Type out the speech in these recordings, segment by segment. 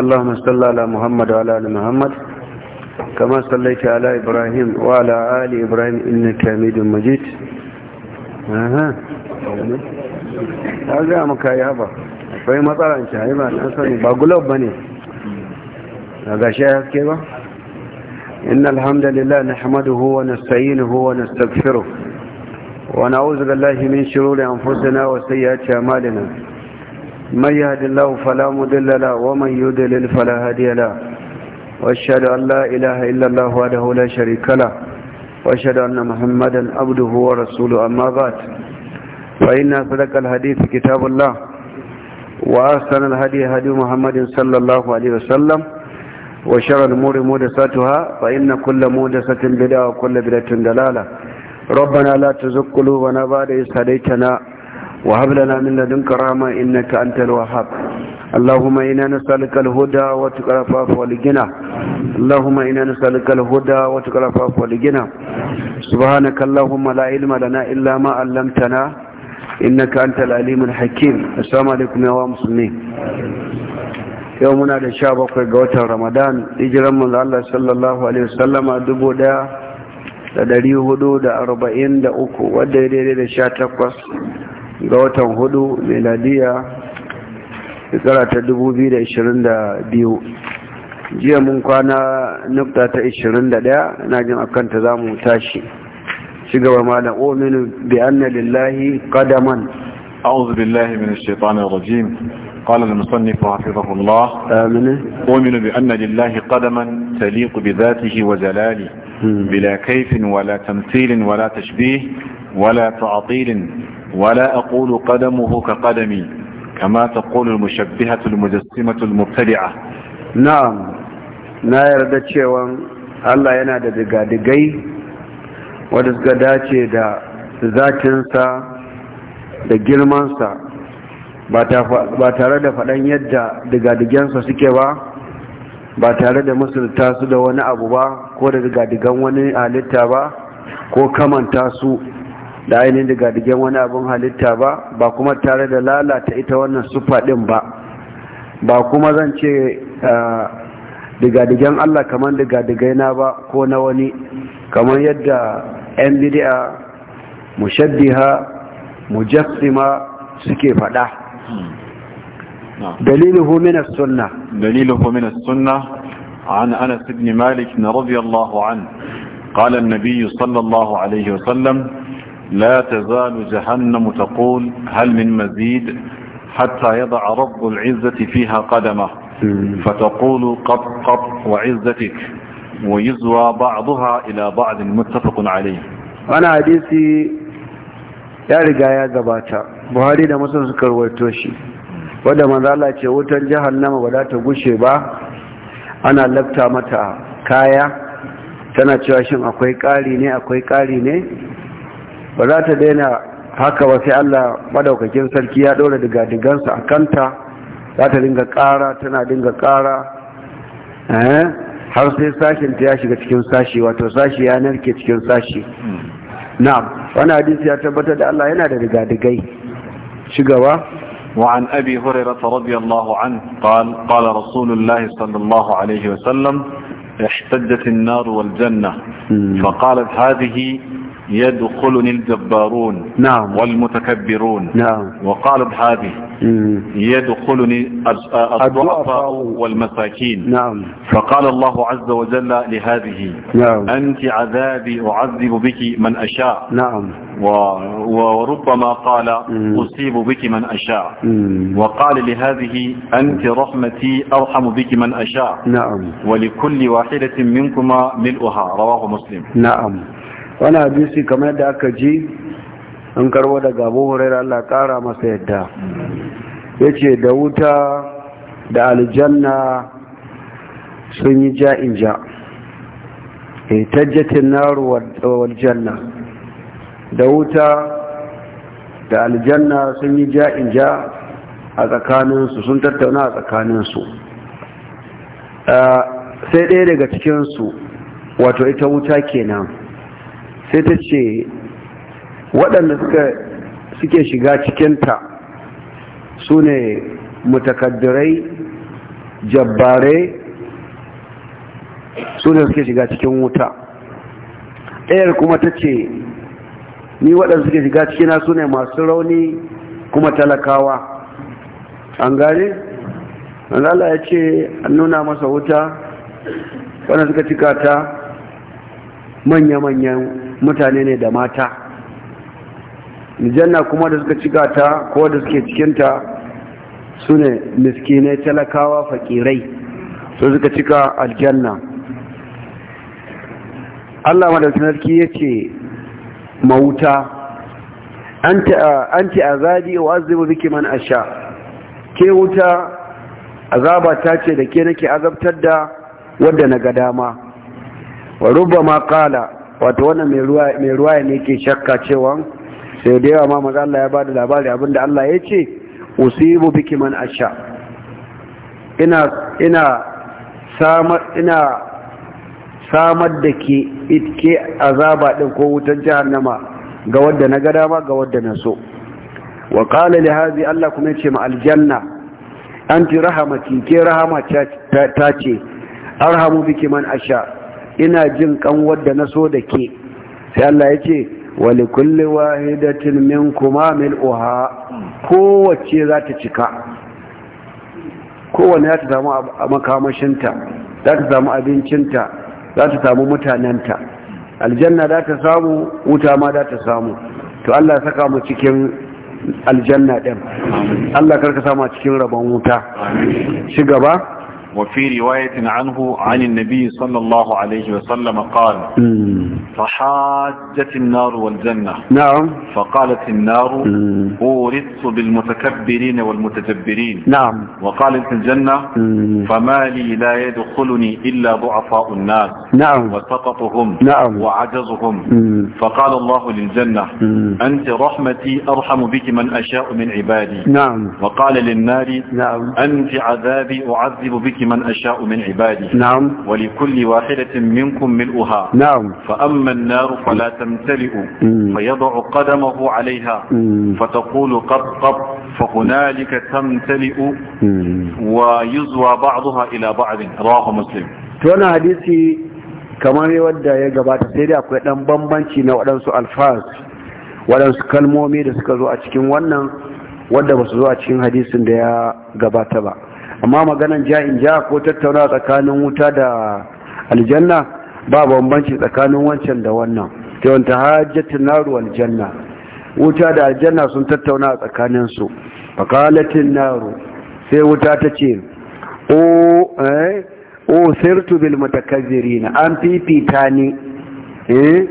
اللهم صل على محمد وعلى ال محمد كما صليت على ابراهيم وعلى ال ابراهيم انك حميد مجيد اها هذا مكا يا با akwai matsala in shayi ba na sani ba gulob ba ne a gashi haske ba inna alhamdulillah na hamaduhu wa nasta'inuhu wa nastaghfiruh wa na'udhu billahi min shururi anfusina wa sayyiati a'malina من يهد الله فلا مضل له ومن يضلل فلا هادي له واشهد ان لا اله الا الله وحده لا شريك له واشهد ان محمدا عبده ورسوله اما بعد فان اصدق الحديث كتاب الله واحسن الهدي هدي محمد صلى الله عليه وسلم وشر الامور محدثاتها فان كل محدثه بدعه وكل بدعه دلاله ربنا لا تزغ قلوبنا بعد إذ هديتنا وهب لنا من لدنك رحمة إنك أنت الوهاب اللهم إنا نسألك الهدى وتقى العفاف والغنى اللهم إنا نسألك الهدى وتقى العفاف والغنى سبحانك اللهم لا علم لنا إلا ما علمتنا إنك أنت العليم الحكيم السلام عليكم يا مسلمين yau muna da sha bakwai ga watan ramadan hijiran manzo Allah sallallahu alaihi wasallama dubu daya da dari hudu da arba'in da uku wadda ya daidai da sha takwas ga watan hudu meladiya shekara ta 2022 jiya mun kwana nufta ta 21 na jin akanta za mu tashi shigaba malam ominu bi anna lillahi kadaman a'udhu billahi min shaitanir rajim قال المصنف حفظه الله أؤمن بأن لله قدما تليق بذاته وزلاله بلا كيف ولا تمثيل ولا تشبيه ولا أقول قدمه كقدمي كما تقول المشبهة المجسمة المبتدعة نعم na yarda cewa Allah yana da digadigai wadda suka dace da zatinsa da girmansa ba tare da faɗan yadda digadigensa suke ba ba tare da musulta tasu da wani abu ba ko da diga-digan wani halitta ba ko kamanta su da ainihin daga digen wani abin halitta ba ba kuma tare da lalata ita wannan sufa ɗin ba ba kuma zan ce digadigen Allah kamar digadigai na ba ko na wani kamar yadda 'yan bidi'a mushaddiha mujassima suke faɗa daliluhu min as-sunnah daliluhu min as-sunnah عن أنس بن مالك رضي الله عنه قال النبي sallallahu الله wa sallam. لا تزال جهنم تقول هل من مزيد حتى يضع رب العزة فيها قدمه فتقول قط قط وعزتك ويزوى بعضها إلى بعض متفق عليه وانا حديثي يا رجايا زباتا بهاري ده مسلم سكر ويتوشي wanda manzo Allah ce wutan jahannama ba za ta gushe ba ana lafta mata kaya tana cewa shin akwai ƙari ne akwai ƙari ne ba za ta daina haka ba sai Allah madaukakin sarki ya ɗora digadigansa a kanta za ta dinga ƙara tana dinga ƙara eh, har sai sashen ta ya shiga cikin sashi wato sashi ya narke cikin sashi na'am wani hadisi ya tabbatar da Allah yana da digadigai shigaba وعن أبي هريرة رضي الله عنه قال قال رسول الله صلى الله عليه وسلم احتجت النار والجنة فقالت هذه يدخلني الجبارون نعم والمتكبرون نعم وقال بهذه يدخلني الضعفاء والمساكين نعم فقال الله عز وجل لهذه نعم أنت عذابي أعذب بك من أشاء نعم وربما قال أصيب بك من أشاء وقال لهذه أنت رحمتي أرحم بك من أشاء نعم ولكل واحدة منكما ملؤها رواه مسلم نعم wani hadisi kamar yadda aka ji an karbo da abu hurairar Allah kara masa yadda ya ce da wuta da aljanna sun yi ja, e tajjatin naru waljanna da wuta da aljanna sun yi ja a tsakaninsu sun tattauna a tsakaninsu sai ɗaya daga cikinsu wato ita wuta kenan sai ta ce waɗanda suke shiga cikinta su ne mutakaddirai jabbare su ne suke shiga cikin wuta ɗayar kuma ta ce ni waɗanda suke shiga cikina su ne masu rauni kuma talakawa an gane? Allah ya ce an nuna masa wuta waɗanda suka cika ta manya-manyan mutane ne da mata janna kuma da suka cika ta ko da suke cikinta su ne miskinai talakawa fakirai su suka cika aljanna Allah madasanarki ya ce mawuta an ce azabi wa azubu biki man asha ke wuta azaba ta ce da ke nake azabtar da wadda na ga dama wa ma kala wato wannan mai ruwa ne ke shakka cewa sai da yawa ma maza Allah ya da labari abinda Allah ya ce usibu biki man asha ina ina samar da ke itke azaba din ko wutar jahannama ga wadda na gada ma ga wadda na so wa qala li hadhi Allah kuma yace ma aljanna anti rahamati ke rahama ta ce arhamu biki man asha ina jin kan da na so da ke sai Allah ya ce wali kulli wahidatin min kuma mil uha kowace za ta cika kowane ya ta samu makamashinta za ta samu abincinta za ta samu mutanenta aljanna za ta samu wuta ma za ta samu to Allah saka mu cikin aljanna ɗin Allah karka sama cikin rabon wuta shi gaba وفي رواية عنه عن النبي صلى الله عليه وسلم قال فحاجت النار والجنة نعم فقالت النار أورثت بالمتكبرين والمتجبرين نعم وقالت الجنة فما لي لا يدخلني إلا ضعفاء الناس نعم وسقطهم نعم وعجزهم فقال الله للجنة أنت رحمتي أرحم بك من أشاء من عبادي نعم وقال للنار نعم أنت عذابي أعذب بك الإرث من أشاء من عبادي نعم ولكل واحدة منكم ملؤها نعم فأما النار فلا تمتلئ فيضع قدمه عليها فتقول قد قد فهنالك تمتلئ ويزوى بعضها إلى بعض رواه مسلم توانا حديثي kamar wadda ya gabata sai dai akwai dan bambanci na waɗansu alfaz waɗansu kalmomi da suka zo a cikin wannan wadda ba su zo a cikin hadisin da ya gabata ba amma maganan ja'in ja ko tattauna tsakanin wuta da aljanna ba bambanci tsakanin wancan da wannan ta wanta hajjatin naru aljanna wuta da aljanna sun tattauna a tsakanin su fakalatin naru sai wuta ta ce o eh o sirtu bil an fifita ni eh,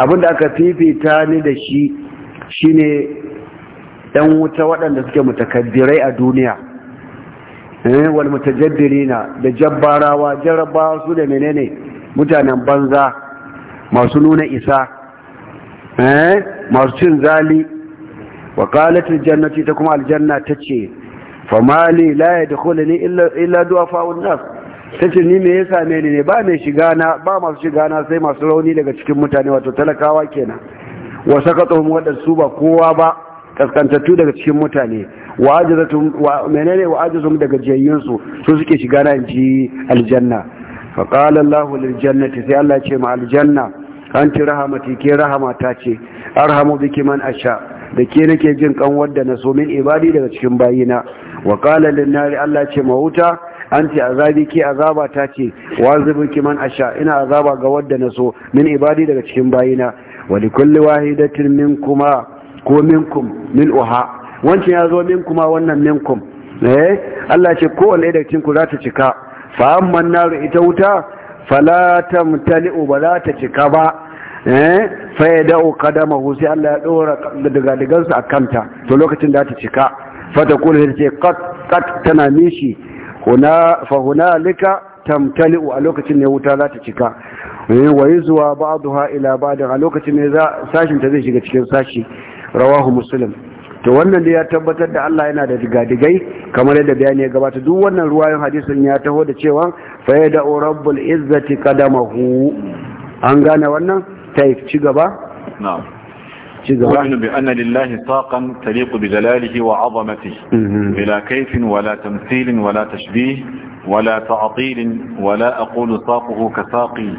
abinda aka fifita ni da shi shine dan wuta waɗanda suke mutakabbirai a duniya Eh, wal mutajaddirina da jabbarawa jarrabawa su da menene mutanen banza masu nuna isa eh, masu cin zali wa qalatul jannati ta kuma aljanna tace famali la yadkhuluni illa illa du'afa'un nas tace ni me yasa me ne ba mai shiga na ba masu shiga na sai masu rauni daga cikin mutane wato talakawa kenan wa sakatuhum wadansu ba kowa ba kaskantattu daga cikin mutane wa ajazatum wa menene wa ajazatum daga jayyun su su suke shiga na ji aljanna fa qala Allahu lil jannati sai Allah ce ma aljanna anti rahamati ke rahama ta ce arhamu biki man asha da ke nake jin kan wadda na so min ibadi daga cikin bayina wa qala lin nari Allah ce ma wuta anti azabi ke azaba ta ce wazibuki man asha ina azaba ga wadda na so min ibadi daga cikin bayina wa likulli wahidatin minkuma ko minkum min uha wancan ya zo minkum ma wannan minkum eh Allah ce kowanne daga cikin ku za ta cika fa amman naru ita wuta fala tamtali'u ba za ta cika ba eh fa yada'u qadamahu sai Allah ya dora daga akan ta to lokacin da ta cika fa ta kula ce qat qat tana nishi huna fa hunalika tamtali'u a lokacin ne wuta za ta cika eh, wai zuwa ba'daha ila ba'd a lokacin ne za sashin ta zai shiga cikin sashi rawahu muslim to wannan da ya tabbatar da Allah yana da digadigai kamar yadda bayani ya gabata duk wannan ruwayan hadisin ya taho da cewa fa yada rabbul izzati qadamahu an gane wannan taif ci gaba na'am ci gaba wa bi anna lillahi saqan taliqu bi jalalihi wa 'azamatihi mhm. bila tashbih ولا تعطيل ولا أقول ساقه كساقي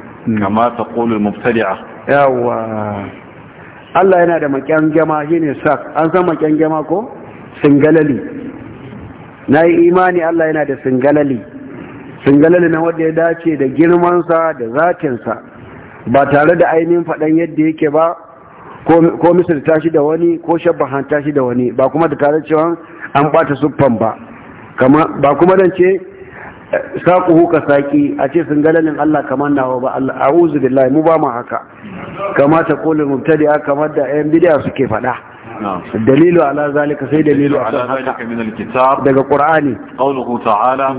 كما تقول المبتدعة يا Allah yana da shi shine sak an san gama ko singalali na yi imani Allah yana da singalali singalali na wanda ya dace da girmansa da zakinsa ba tare da ainihin faɗan yadda yake ba ko misalta shi da wani ko shabbahanta shi da wani ba kuma da tare cewa an ɓata siffan ba ba kuma dan ce saquhu ka saƙi a ce singalalin Allah kamar nawa ba Allah a'udhu billahi mu ba mu haka Kamata ta kullu mubtadi'a kamar da ayan bid'a suke fada dalilu ala zalika sai dalilu ala zalika min alkitab daga qur'ani qawluhu ta'ala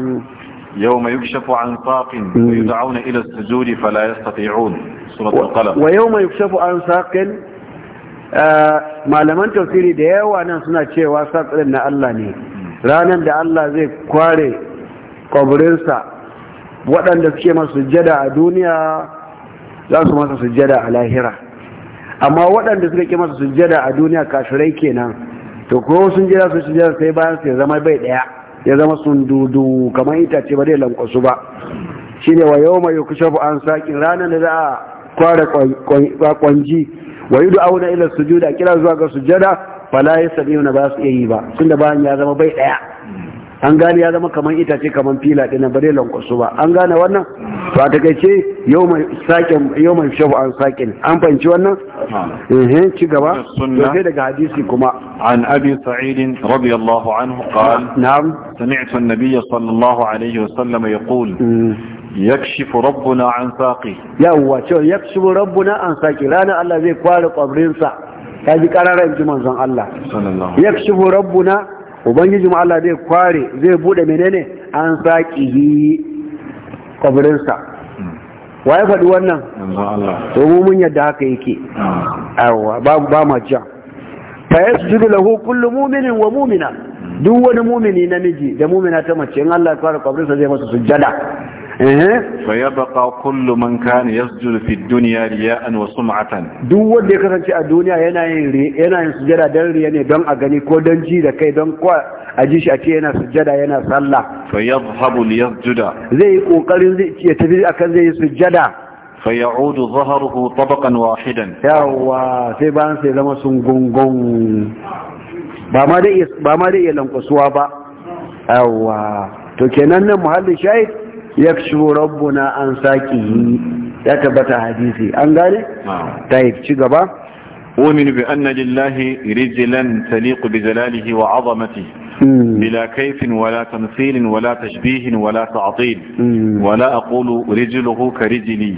يوم يكشف عن ساق ويدعون إلى السجود فلا يستطيعون سورة القلم ويوم يكشف عن ساق malaman tafsiri da yawa nan suna cewa saƙirin na Allah ne mm. Ranan da Allah zai kware kwaburinsa waɗanda suke masu sujjada a duniya za su masa sujjada a lahira amma waɗanda suka ke masa sujjada a duniya kafirai kenan to ko sun jira su sujjada sai bayan su ya zama bai ɗaya ya zama sun dudu kamar itace ba zai lankwasu ba ne wa yau mai yukushafu an saƙin ranar da za a kware kwanji wa yi da'auna ila sujuda kira zuwa ga sujada fala ya sabi na ba su iya yi ba sun da bayan ya zama bai ɗaya. an gane ya zama kamar itace kamar fila ɗina bare lankwasu ba an gane wannan to a takaice yau mai saƙin yau mai shafu an saƙin an fahimci wannan eh ci gaba sai daga hadisi kuma an abi sa'id radiyallahu anhu qala na'am sami'tu an-nabiy sallallahu alaihi wa sallam yaqul mm. yakshifu rabbuna an saqi yawa cewa yakshifu rabbuna an saqi rana Allah zai kware kwabrinsa ya ji kararan ji manzon Allah yakshifu rabbuna ubangiji mu Allah zai kware zai bude menene an saki saqihi Wa waye faɗi wannan to mu mun yadda haka yake awa ba ma ja fa yasjudu lahu kullu mu'minin wa mu'mina duk wani mu'mini namiji da mu'mina ta mace in Allah ya kware kabarinsa zai masa sujjada fa yabqa kullu man kana yasjudu fi dunya riya'an wa sum'atan duk wanda ya kasance a duniya yana yin yana yin sujada dan riya ne don a gani ko dan ji da kai don ko a ji shi a ce yana sujada yana sallah fa yadhhabu li yasjuda zai kokarin zai ya tafi akan zai yi sujada Fa ya'udu dhahruhu tabaqan wahidan. Yawa sai ba sai zama sun gungun ba ma dai ba ma dai lankwasuwa ba yawa to kenan nan muhallin shahid yakshu rabbuna an saqihi ya tabbata hadisi an gane tayyib ci gaba أؤمن بأن لله رجلا تليق بجلاله وعظمته بلا كيف ولا تمثيل ولا تشبيه ولا تعطيل ولا أقول رجله كرجلي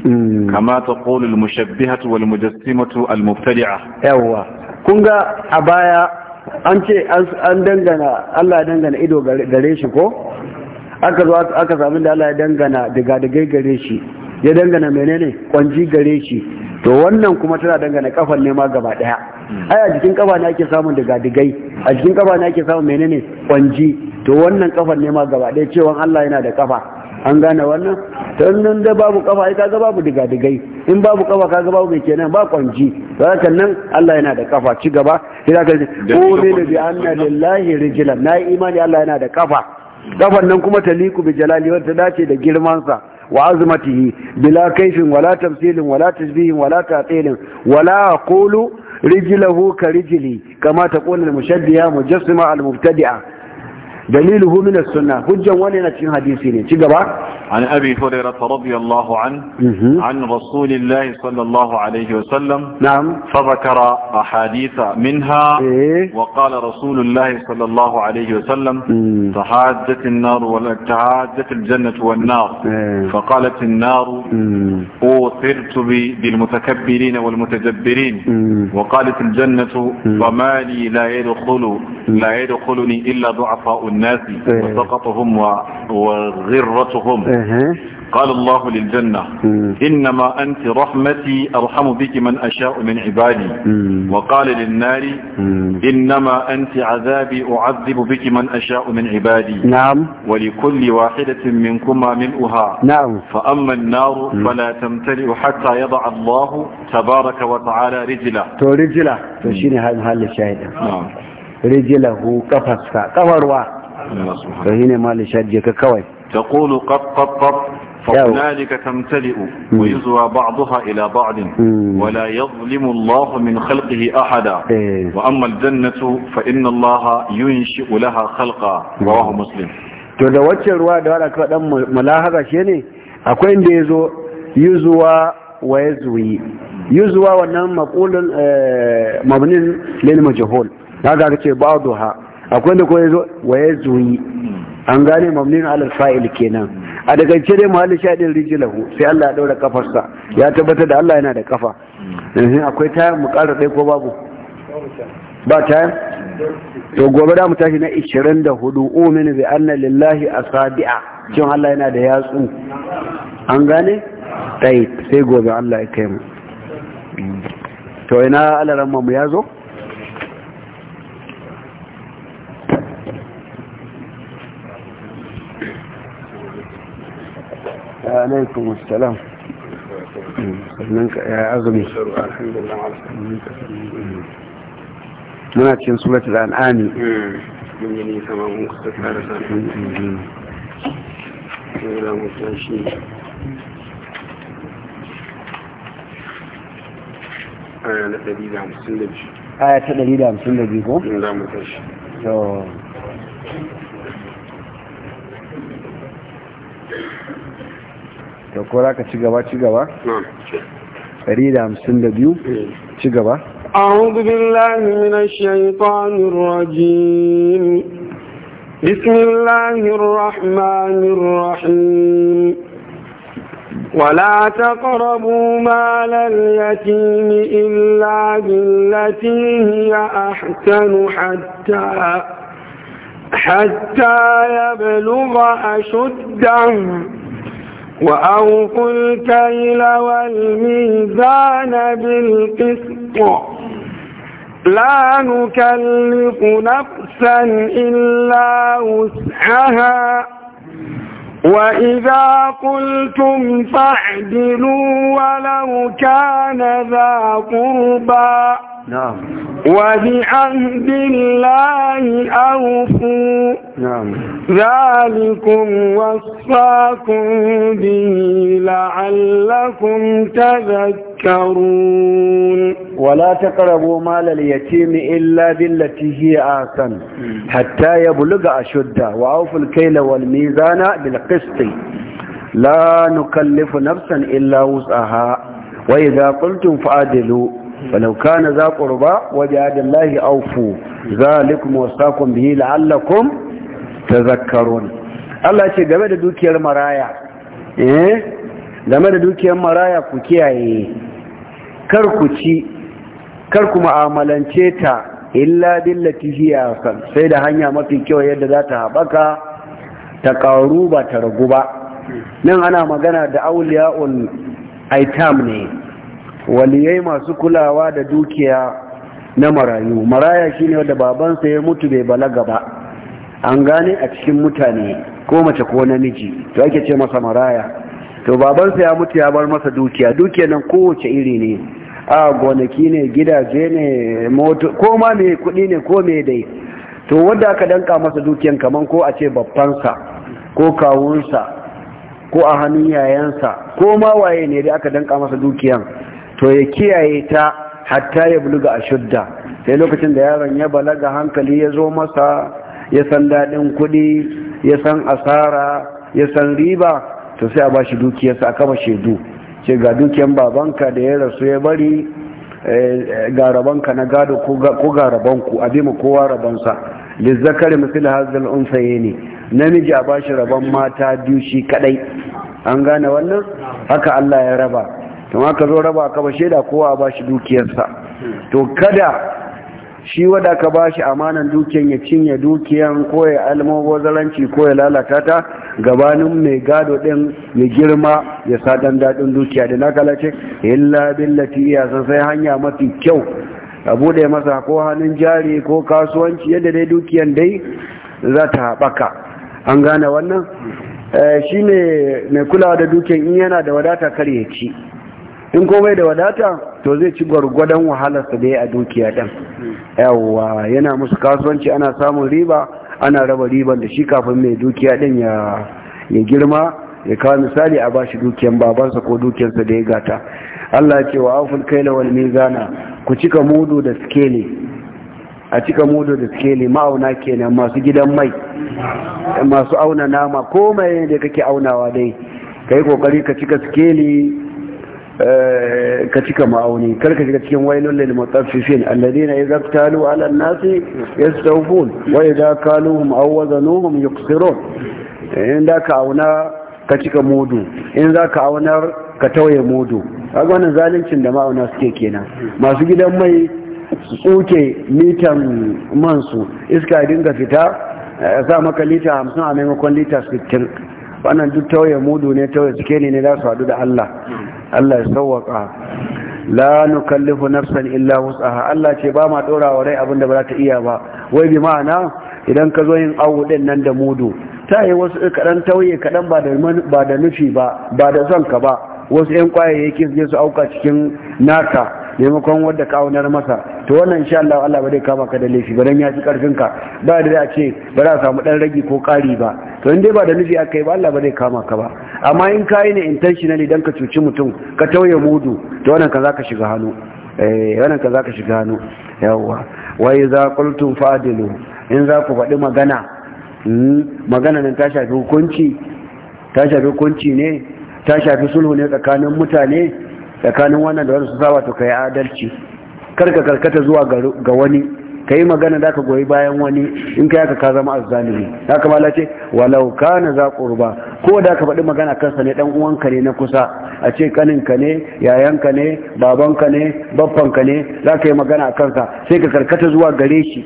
كما تقول المشبهة والمجسمة المبتدعة أيوة كنغا أبايا an ce an dangana Allah dangana ido gare shi ko aka zo aka samu da Allah ya dangana daga daga gare shi ya dangana menene kwanji gare shi to wannan kuma tana dangana kafan ne ma gaba daya ai a jikin kafa ne ake samun daga digai a jikin kafa ne ake samun menene kwanji to wannan kafan ne ma gaba daya cewa Allah yana da kafa an gane wannan to in da babu kafa ai kaga babu diga digai in babu kafa kaga babu me kenan ba kwanji zaka nan Allah yana da kafa ci gaba sai ka ce ko bi anna lillahi rijlan na imani Allah yana da kafa kafan nan kuma taliku bi jalali wadda dace da girmansa wa azmatihi bila kaifin wala tamsilin wala tashbihin wala tatilin wala qulu rijlahu ka rijli kama taqulu al-mushaddiya mujassima al-mubtadi'a دليله من السنة حجة ولنا في حديثين تجبا عن أبي هريرة رضي الله عنه عن رسول الله صلى الله عليه وسلم نعم فذكر أحاديث منها إيه؟ وقال رسول الله صلى الله عليه وسلم تحادت النار وتحادت الجنة والنار إيه؟ فقالت النار أوثرت بالمتكبرين والمتجبرين وقالت الجنة وما لي لا يدخل لا يدخلني إلا ضعفاء الناس إيه. وسقطهم وغرتهم إيه. قال الله للجنة إنما أنت رحمتي أرحم بك من أشاء من عبادي وقال للنار إنما أنت عذابي أعذب بك من أشاء من عبادي نعم ولكل واحدة منكما ملؤها نعم فأما النار فلا تمتلئ حتى يضع الله تبارك وتعالى رجله رجله تشيني هذا الشاهد نعم رجله كفر كفروا to shine malin shaddi ka kawai taqulu qat qat qat فهنالك تمتلئ ويزوى بعضها إلى بعض ولا يظلم الله من خلقه أحدا وأما الجنة فإن الله ينشئ لها خلقا رواه مسلم to da waccan ruwa da wala kaɗan mulahaza shi ne akwai inda ya zo yuzuwa wa ya zuwi wannan maƙulun eh, mabnin lil majhul kaga ce ba'duha akwai da kuma zo wa ya zuyi an gane mamnin alal fa'il kenan a daga dai muhalli shaɗin rijilahu sai Allah ya ɗaura kafarsa ya tabbatar da Allah yana da kafa yanzu akwai tayar mu ƙara dai ko babu ba tayar to gobe da mu tashi na 24 umin bi anna lillahi asabi'a cin Allah yana da yatsu an gane sai gobe Allah ya kai mu to ina alaran mu ya zo ya azumi muna cikin suratul an'ami mun aya da ko ka ci gaba ci gaba? da hamsin mm. ci gaba أعوذ بالله من الشيطان الرجيم بسم الله الرحمن الرحيم ولا تقربوا مال اليتيم إلا بالتي هي أحسن حتى حتى يبلغ أشده وأوفوا الكيل والميزان بالقسط لا نكلف نفسا إلا وسعها وإذا قلتم فاعدلوا ولو كان ذا قربا نعم وبعهد الله أوفوا نعم ذلكم وصاكم به لعلكم تذكرون ولا تقربوا مال اليتيم إلا بالتي هي آسن حتى يبلغ أشده وأوفوا الكيل والميزان بالقسط لا نكلف نفسا إلا وسعها وإذا قلتم فأدلوا ولو كان ذا قربى وبعد الله أوفوا ذلكم وصاكم به لعلكم تذكرون Allah ce game da dukiyar maraya eh game da dukiyar maraya ku kiyaye kar ku ci kar ku mu'amalance ta illa billati Latifiya kan sai da hanya mafi kyau yadda za ta haɓaka ta ƙaru ba ta ragu ba nan ana magana da auliya'ul aitam ne waliyai masu kulawa da dukiya na marayu maraya shine wanda babansa ya mutu bai balaga ba an gane a cikin mutane ko mace ko namiji to ake ce masa maraya to babansa ya mutu ya bar masa dukiya dukiya nan kowace iri ne a gonaki ne gidaje ne moto ko ma me kuɗi ne ko me dai to wanda aka danka masa dukiyan kaman ko a ce babbansa ko kawunsa ko a hannun yayansa ko ma waye ne dai aka danka masa dukiyan to ya kiyaye ta hatta ya buluga a shudda sai lokacin da yaron ya balaga hankali ya zo masa ya san daɗin kuɗi ya san asara ya san riba to sai a ba shi dukiyarsa a kama shaidu ce ga dukiyar babanka da ya rasu ya bari eh, ga na gado ko ga rabanku a bima kowa rabansa lizzakari misali hazal unsaye ne namiji a ba shi rabon mata biyu shi kadai an gane wannan haka allah ya raba kuma ka zo raba ka ba sheda kowa ba shi dukiyarsa to kada shi wada ka ba shi amanan dukiyan ya cinye dukiyan ko ya almubazaranci ko ya lalata ta gabanin mai gado din ya girma ya sa dan dadin dukiya da nakala ce illa billati iya sai hanya mafi kyau a bude masa ko hannun jari ko kasuwanci yadda dai dukiyan dai za ta haɓaka an gane wannan eh, shi ne mai kulawa da dukiyan in yana da wadata kar ya ci in komai da wadata to zai ci gwargwadon wahalarsa da ya a dukiya ɗin yawwa yana musu kasuwanci ana samun riba ana raba riban da shi kafin mai dukiya ɗin ya girma ya kawo misali a bashi dukiyan babansa ko dukiyansa da ya gata Allah ce wa kai kaila wal mizana ku cika mudu da skele a cika mudu da skele ma'auna kenan masu gidan mai masu auna nama ko mai da kake aunawa dai kai kokari ka cika skele ka cika ma'auni kar ka shiga cikin wailul lil mutaffifin alladhina idza talu ala an-nasi yastawfun wa idza kaluhum aw wazanuhum yuqsirun in da ka auna ka cika mudu in za ka aunar ka tauye mudu a wannan zaluncin da ma'auna suke kenan masu gidan mai su tsoke mitan mansu iska dinga fita sa maka lita hamsin a maimakon lita 60 wannan duk tauye mudu ne tauye suke ne za su haɗu da Allah Allah ya sauwaka la nukallifu nafsan illa wus'aha Allah ce ba ma dora wa rai abinda ba za ta iya ba wai bi ma'ana idan ka zo yin awu din nan da mudu ta yi wasu kaɗan tauye kaɗan ba da nufi ba ba da son ka ba wasu 'yan kwayayyakin je su auka cikin naka maimakon wadda ka aunar masa to wannan insha Allah Allah ba zai kama ka da laifi ba dan ya fi karfin ka ba da a ce ba za a samu ɗan ragi ko ƙari ba to in dai ba da nufi aka yi ba Allah ba zai kama ka ba amma in kayi ne intentionally don ka cuci mutum ka tauye mudu to wannan ka zaka shiga hannu eh wannan ka zaka shiga hannu yawa wa idza qultum fadilu in za ku faɗi magana hmm, magana nan ta shafi hukunci ta shafi hukunci ne ta shafi sulhu ne tsakanin mutane tsakanin wannan da wannan su saba to kai adalci karka karkata zuwa ga wani ka yi magana da ka goyi bayan wani in ka yaka ka zama azzalimi ya kamala ce walau na za qurba ko da ka faɗi magana kansa ne dan uwanka ne na kusa a ce kaninka ne yayanka ne babanka ne baffanka ne za ka yi magana a kansa sai ka karkata zuwa gare shi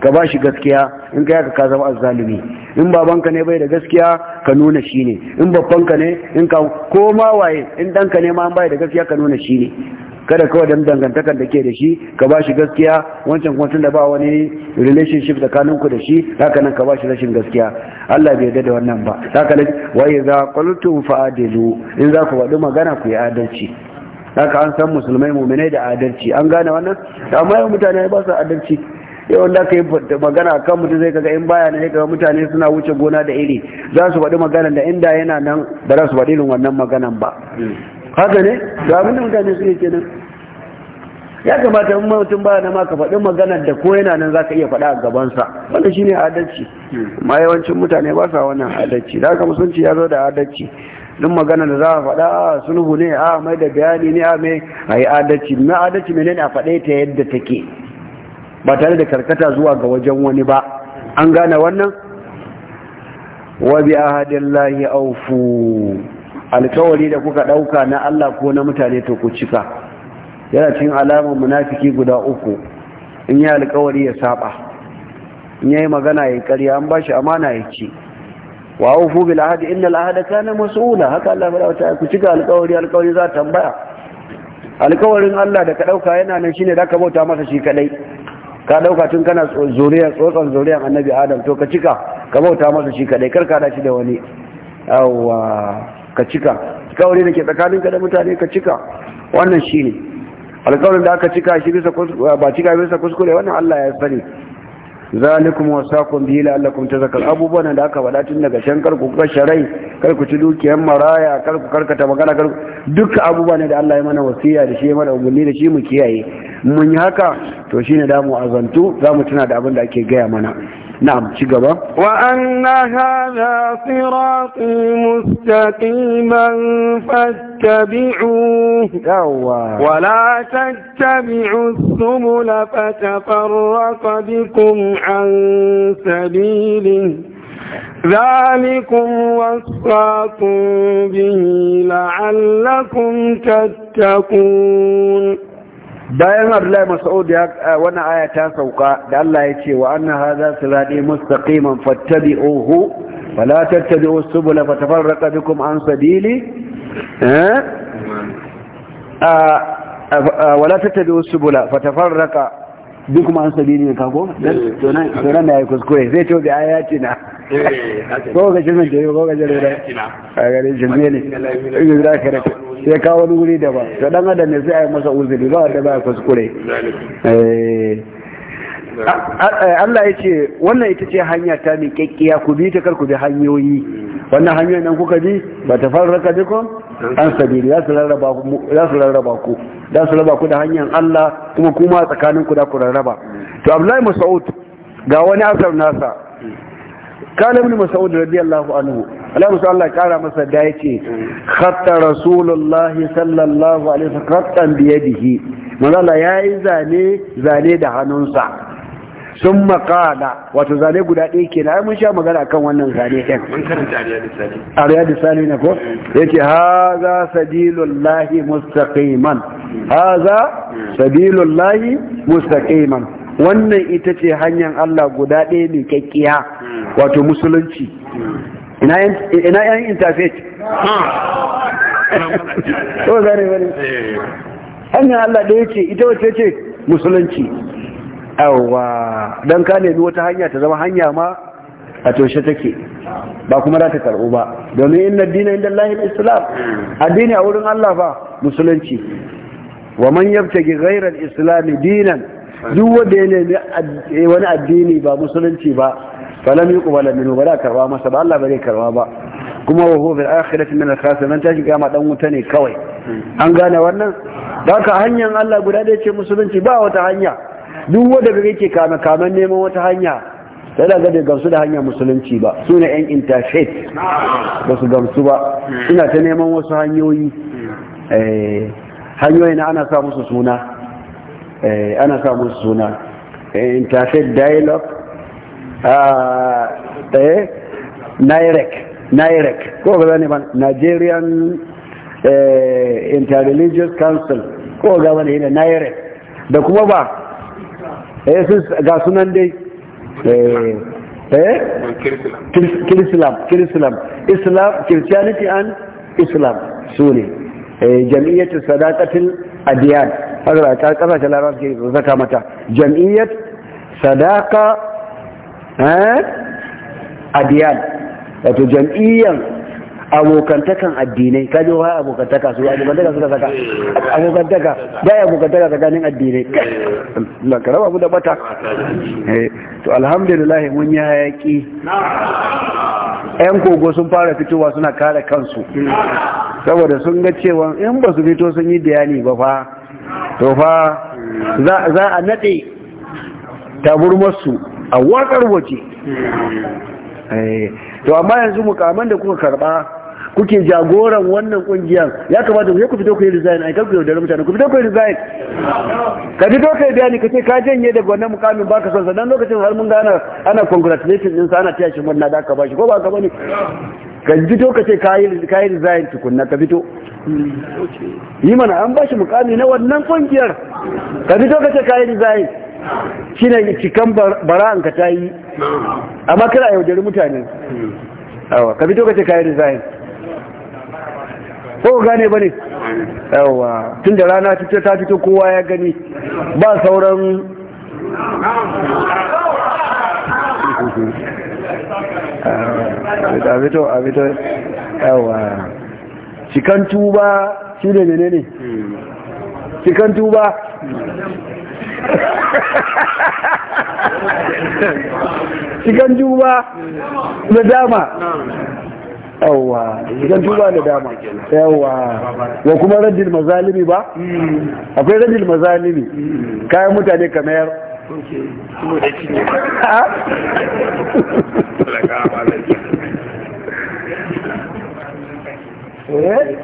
ka ba shi gaskiya in ka yaka ka zama azzalimi in babanka ne bai da gaskiya ka nuna shi ne in babbanka ne in ka ko ma waye in ɗanka ne ma an bai da gaskiya ka nuna shi ne kada kawai dan dangantakar da ke da shi ka ba shi gaskiya wancan kuma tun da ba wani relationship tsakaninku ku da shi haka nan ka ba shi rashin gaskiya Allah bai yarda da wannan ba haka nan wa idza qultum fa'adilu in za ku faɗi magana ku yi adalci haka an san musulmai mu'minai da adalci an gane wannan amma yau mutane ba su adalci yawan da ka yi magana kan mutum zai kaga in baya ne kaga mutane suna wuce gona da iri za su faɗi magana da inda yana nan ba za su faɗi irin wannan maganan ba haka ne ga abin da mutane suke kenan ya kamata in mutum ba na maka faɗin maganar da ko yana nan zaka iya faɗa a gabansa wanda shine adalci amma yawancin mutane ba sa wannan adalci da ka musulunci ya zo da adalci duk magana da za a faɗa a sulhu ne a mai da bayani ne a mai a yi adalci na adalci mai ne a faɗe ta yadda take ba tare da karkata zuwa ga wajen wani ba an gane wannan wa bi ahadillahi aufu alkawari da kuka ɗauka na Allah ko na mutane to ku cika yana cikin alamun munafiki guda uku in yi alkawari ya saba in yi magana ya karya an bashi amana ya ci wa ufu bil ahdi inna al na kana mas'ula haka Allah ya ta ku cika alkawari alkawari za tambaya alkawarin Allah da ka ɗauka yana nan shine da ka bauta masa shi kadai ka ɗauka tun kana zuriya tsotsan zuriyar annabi adam to ka cika ka bauta masa shi kadai karka da shi da wani yawwa ka cika kawai da ke tsakaninka da mutane ka cika wannan shi ne. alƙawarin da aka cika shi bisa ba cika bisa kuskure wannan Allah ya sani zalikum wasaqum bihi la'allakum tazakkar abubuwan da aka faɗa tun daga shankar ku ga sharai kar ku ci dukiyar maraya kar ku karkata magana kar duk abubuwan da Allah ya mana wasiya da shi ya mana umarni da shi mu kiyaye mun yi haka to shine da mu azantu za mu tuna da abin da ake gaya mana نعم شكرا وأن هذا صراطي مستقيما فاتبعوه أوه. ولا تتبعوا السبل فتفرق بكم عن سبيله ذلكم وصاكم به لعلكم تتقون bayan abdullahi mas'ud ya eh, wannan aya ta sauka da Allah ya ce wa anna hadha sirati mustaqiman fattabi'uhu wa tattabi'u subula fatafarraqa bikum an sabili eh ah, ah, ah, wa tattabi'u subula fatafarraqa bikum an sabili ne kago eh. to nan kuskure zai to bi ayatina eh, ko ga jin da ko ga jin da a jin ne ne sai kawo wani wuri ba, to dan adam ne sai a yi masa uzuri ba da ba kuskure eh, Allah ya ce wannan ita ce hanya ta mai kyakkiya ku bi ta karku bi hanyoyi wannan hanyoyin nan kuka bi ba ta fara raka dukan an sabili za su rarraba ku za su ku da hanyar Allah kuma kuma tsakanin ku da ku rarraba to Abdullahi Mas'ud ga wani asar nasa kana ibn Mas'ud radiyallahu anhu Allah musu Allah kara masa da ya ce khatta rasulullahi sallallahu alaihi wasallam khattan bi yadihi manzo yayi zane zane da hannunsa sun makala wato zane guda ɗaya ke na mun sha magana kan wannan zane ɗin a riyadu sali na ko eh. ya ce haza sabilullahi mustaqiman haza eh. sabilullahi mustaqiman wannan ita ce hanyar Allah guda ɗaya ne kakkiya eh. wato musulunci ina yan interface ko zane wani hanyar Allah da yake ita wace ce musulunci yawwa don ka nemi wata hanya ta zama hanya ma a toshe take ba kuma za ta karɓo ba domin inna dina inda lahin islam addini a wurin Allah ba musulunci wa man yabtagi gairar islami dinan duk wanda ya nemi wani addini ba musulunci ba falam yuqbala minhu ba za karba masa ba Allah ba zai karba ba kuma wa huwa bil akhirati min al khasirin tashi kiyama dan wuta ne kawai an gane wannan da ka hanyar Allah guda da ce musulunci ba wata hanya duk wanda ga yake kama-kaman neman wata hanya sai da gabe gamsu da hanyar musulunci ba su ne yan interfaith ba su gamsu ba suna ta neman wasu hanyoyi hanyoyi na ana sa musu suna ana sa musu suna interfaith dialogue Ah, eh nairek nairek ko ga ne ba nigerian eh, interreligious council ko ga wani ne nairek da kuma ba eh ga sunan dai eh, eh kirislam kirislam islam christianity and islam su ne eh, jam'iyyar sadakatin adiyan har ta kasashe larabci zaka mata jam'iyyar sadaka. Eh? adiyan wato jam'iyyan abokantakan addinai ka ji wa abokantaka su abokantaka suka saka abokantaka ba ya abokantaka tsakanin addinai Allah ka mu da bata eh, to alhamdulillah mun yi hayaki yan kogo sun fara fitowa suna kare kansu saboda sun ga cewa in ba su fito sun yi bayani ba fa to fa za a nade taburmarsu a watsar waje eh, to amma yanzu mukaman da kuka karba kuke jagoran wannan kungiyar ya kamata ku fito ku yi resign ai kalku da mutane ku fito ku yi ka fito doka yi bayani ka ce ka janye daga wannan mukamin baka son sa dan lokacin har mun gana ana congratulating din sa ana taya shi murna da ka bashi ko ba ka bane ka fito ka ce ka yi ka yi tukunna ka fito yi mana an bashi mukami na wannan kungiyar ka fito ka ce ka yi resign shi ne cikan bara'anka ta yi amma kada yaudari mutane awa ka fito ka ce kayan resign ko gane ba ne awa tun da rana ta fito kowa ya gani ba sauran a fito a fito awa cikan tuba shi ne menene cikan tuba shigan juba da dama yawwa shigan juba da dama yawwa wa kuma rajin mazalimi ba akwai rajin mazalimi kayan mutane kamar Eh?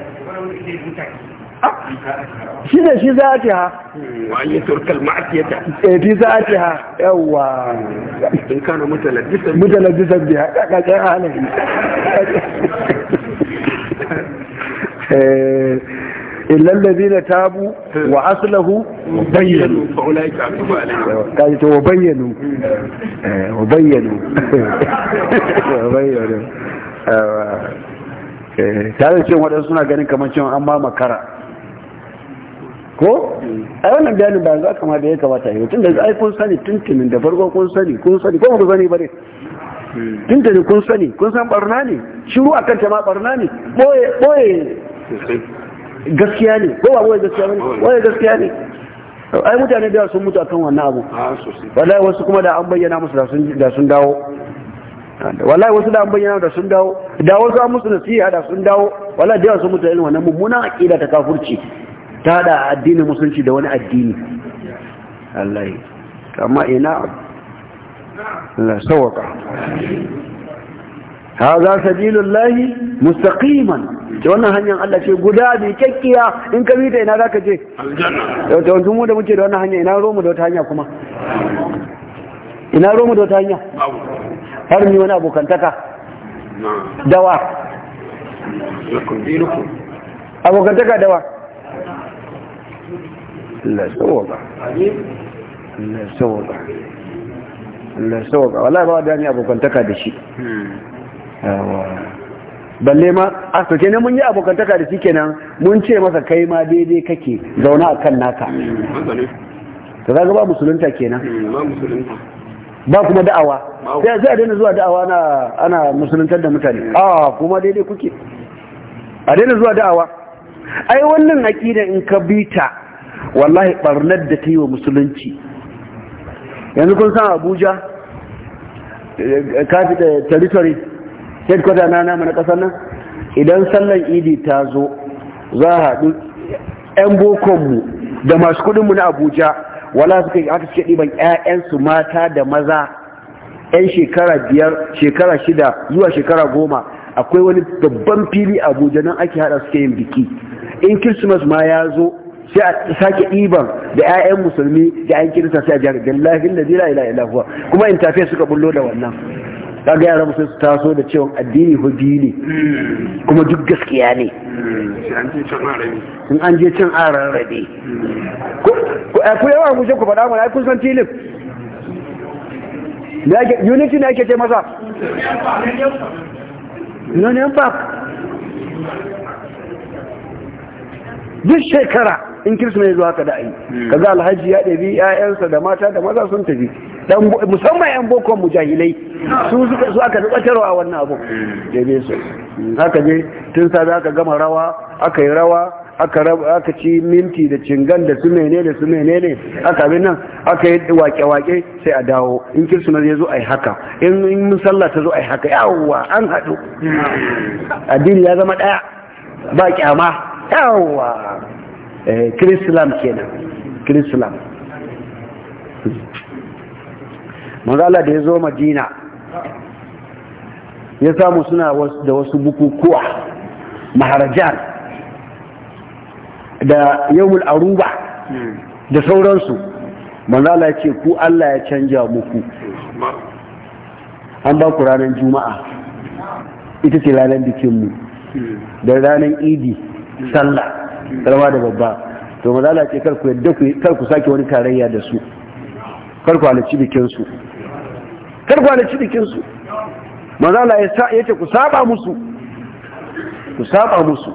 shi ne shi za a ce ha wani turkal e fi za a ce ha yawa in kana mutalabbisan mutalabbisan biya kakakar halayi إلا الذين تابوا وأصله وبينوا فأولئك أتوب عليهم قالت وبينوا وبينوا وبينوا da cewa waɗansu suna ganin kamar cewa an ma makara ko a wannan bayanin ba yanzu aka ma da ya kamata yi tun da ai kun sani tuntunin da farko kun sani kun sani ko ku sani bare tuntunin kun sani kun san barna ne shiru a kanta ma barna ne boye boye gaskiya ne ko ba boye gaskiya ne boye gaskiya ne ai mutane da sun mutu akan wannan abu ah, wallahi wasu kuma da an bayyana musu da sun dawo wallahi wasu da an bayyana da sun dawo da wasu an musu nasiha da sun dawo wallahi da yawa sun mutu irin wannan mummunan aqida ta kafurci ta hada addinin musulunci da wani addini Allah amma ina Allah sawaka haza sabilullahi mustaqiman Da wannan hanyar Allah ce guda bi kakkiya in ka bi ta ina zaka je aljanna to mu da muke da wannan hanyar ina romu da wata hanya kuma ina romu da wata hanya har ni wani abokantaka dawa abokantaka dawa Allah sauwaka Allah sauwaka Allah sauwaka wallahi ba da abokantaka da shi balle ma a soke ne mun yi abokantaka da shi kenan mun ce masa kai ma daidai kake zauna a kan naka ta zaga ba musulunta kenan ba kuma da'awa sai a daina zuwa da'awa ana musuluntar da mutane a kuma daidai kuke a daina zuwa da'awa ai wannan aƙida in ka bita. wallahi barnar da ta yi wa musulunci yanzu kun san abuja kafi da territory headquarter na nama na kasar nan idan sallan idi ta zo za a haɗu 'yan bokonmu da masu kudinmu na abuja wala suka yi aka shaɗi ɗiban 'ya'yansu mata da maza 'yan shekara biyar shekara shida zuwa shekara goma akwai wani babban fili abuja nan ake haɗa suke yin biki in kirsimas ma ya zo sai a sake ɗiban da 'ya'yan musulmi da 'yan kirista sai a jihar billahi da zira ila ila huwa kuma intafe suka bullo da wannan kaga yaran musulmi su taso da cewa addini hobi ne kuma duk gaskiya ne in an je can aran rabe eh, ku yawa ku ku faɗa mana kun san tilif unity ne ake ce masa union park duk shekara in kirsimeti zuwa haka da ayi hmm. kaga alhaji ya ɗabi ƴaƴansa da mata da maza sun tafi dan musamman yan bokon mujahilai su suka su aka a wannan abu hmm. daidai su haka je tun sabi ka gama rawa aka yi rawa aka ci minti da cingan da su menene da su menene aka bin nan aka yi wake-wake sai a dawo in kirsunar zai zo a yi haka in musalla ta zo a yi haka yawwa an haɗu hmm. addini ya zama ɗaya ba kyama yawwa kirislam eh, kenan kirislam manzala da ya zo madina ya samu suna da wasu bukukuwa maharajan da yawul aruba da sauransu manzala ce ku Allah ya canja muku an ba ku ranar juma'a ita ce ranar bikinmu da ranar idi sallah karama da babba to maza Allah ce karku yadda ku karku sake wani tarayya da su karku halarci bikin su karku halarci bikin su maza Allah ya ce ku saba musu ku saba musu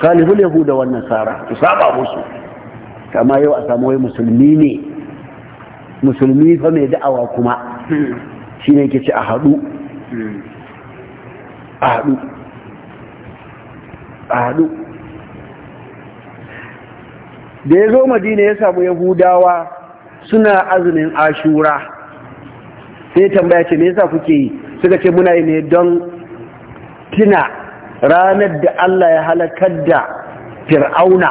khaliful yahuda wan nasara ku saba musu kama yau a samu wai musulmi ne musulmi fa mai da'awa kuma shine yake ce a hadu a haɗu a haɗu da ya zo madina ya samu yahudawa suna azumin ashura sai tambaya ce me yasa kuke yi suka ce muna yi ne don tina ranar da Allah ya halakar da fir'auna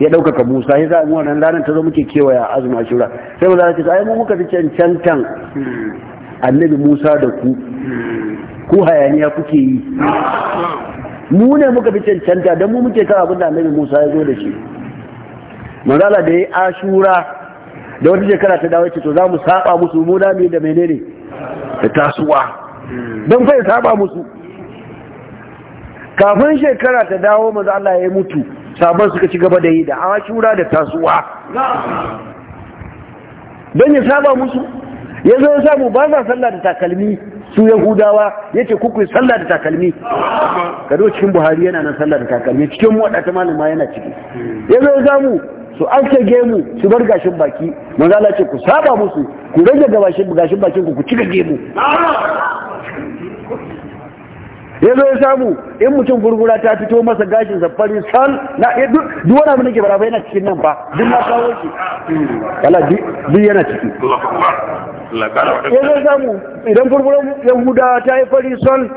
ya ɗaukaka musa ya samu wannan ranar ta zo muke kewaya azumin ashura sai mu za ce yi mun muka fi cancantan annabi musa da ku ku hayaniya kuke yi mu ne muka fi cancanta don mu muke kan abin da annabi musa ya zo da shi manzala da ya ashura da wata shekara ta dawo to za mu saba musu mu da ne da menene da tasuwa don fa ya saba musu kafin shekara ta dawo manzo Allah ya mutu sabon suka ci gaba da yi da ashura da tasuwa don ya saba musu ya zo ya samu ba sa sallah da takalmi su yahudawa yace ce ku sallah da takalmi kado cikin buhari yana nan sallah da takalmi cikin ta malama yana ciki yazo zamu su ake gemu su bar gashin baki manzo ce ku saba musu ku rage gashin bakinku bakin ku ku cika gemu ya zo ya samu in mutum gurgura ta fito masa gashin safari sal na eh, duk wani abu nake ke barafa yana cikin nan ba duk na kawo shi wala duk yana ciki ya zo ya samu idan ya yahuda ta yi fari sal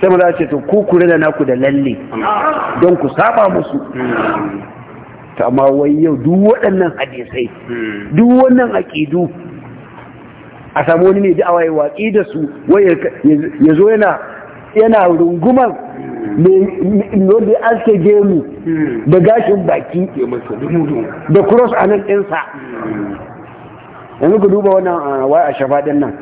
sai mu za ce to ku kure da naku da lalle don ku saba musu ta amma wai yau duk waɗannan hadisai duk wannan aƙidu a samu wani ne da awaye waƙi da su wai ya zo yana yana rungumar wanda aske gemu da gashin baki da cross a nan ɗinsa yanzu ku duba wannan wai a shafa ɗin nan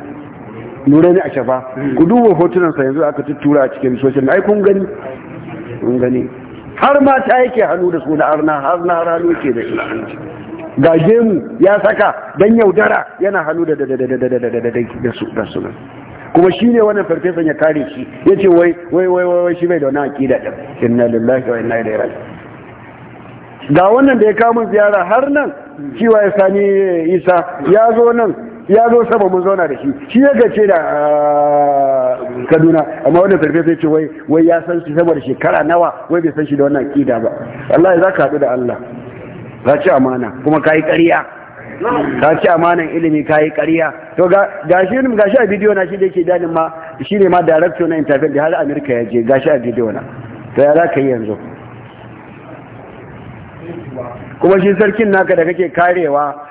ne a shafa ku duba hotunansa yanzu aka tura a cikin social ai kun gani kun gani har ma ta yake hannu da su arna har na hannu ke da shi ga gemu ya saka don yaudara yana hannu da su kuma shi ne wannan farfesan ya kare shi ya ce wai wai wai wai shi bai da wani aƙida ɗin inna lillahi wa inna ilaihi raji ga wannan da ya kawo ziyara har nan cewa ya sani eh, isa ya zo nan ya zo saba mun zauna da shi shi ya gace da ah, kaduna amma wannan farfesa ya ce wai wai ya san shi saboda shekara nawa wai bai san shi da wannan aƙida ba Allah ya za ka haɗu da Allah za ci amana kuma ka yi ƙarya ka ci amanan ilimi ka yi kariya, to gashi ilimi gashi a bidiyo na shi da yake dalin ma shi ne ma director na interfaith da har amurka ya je gashi a bidiyo na to ya za ka yi yanzu kuma shi sarkin naka da kake karewa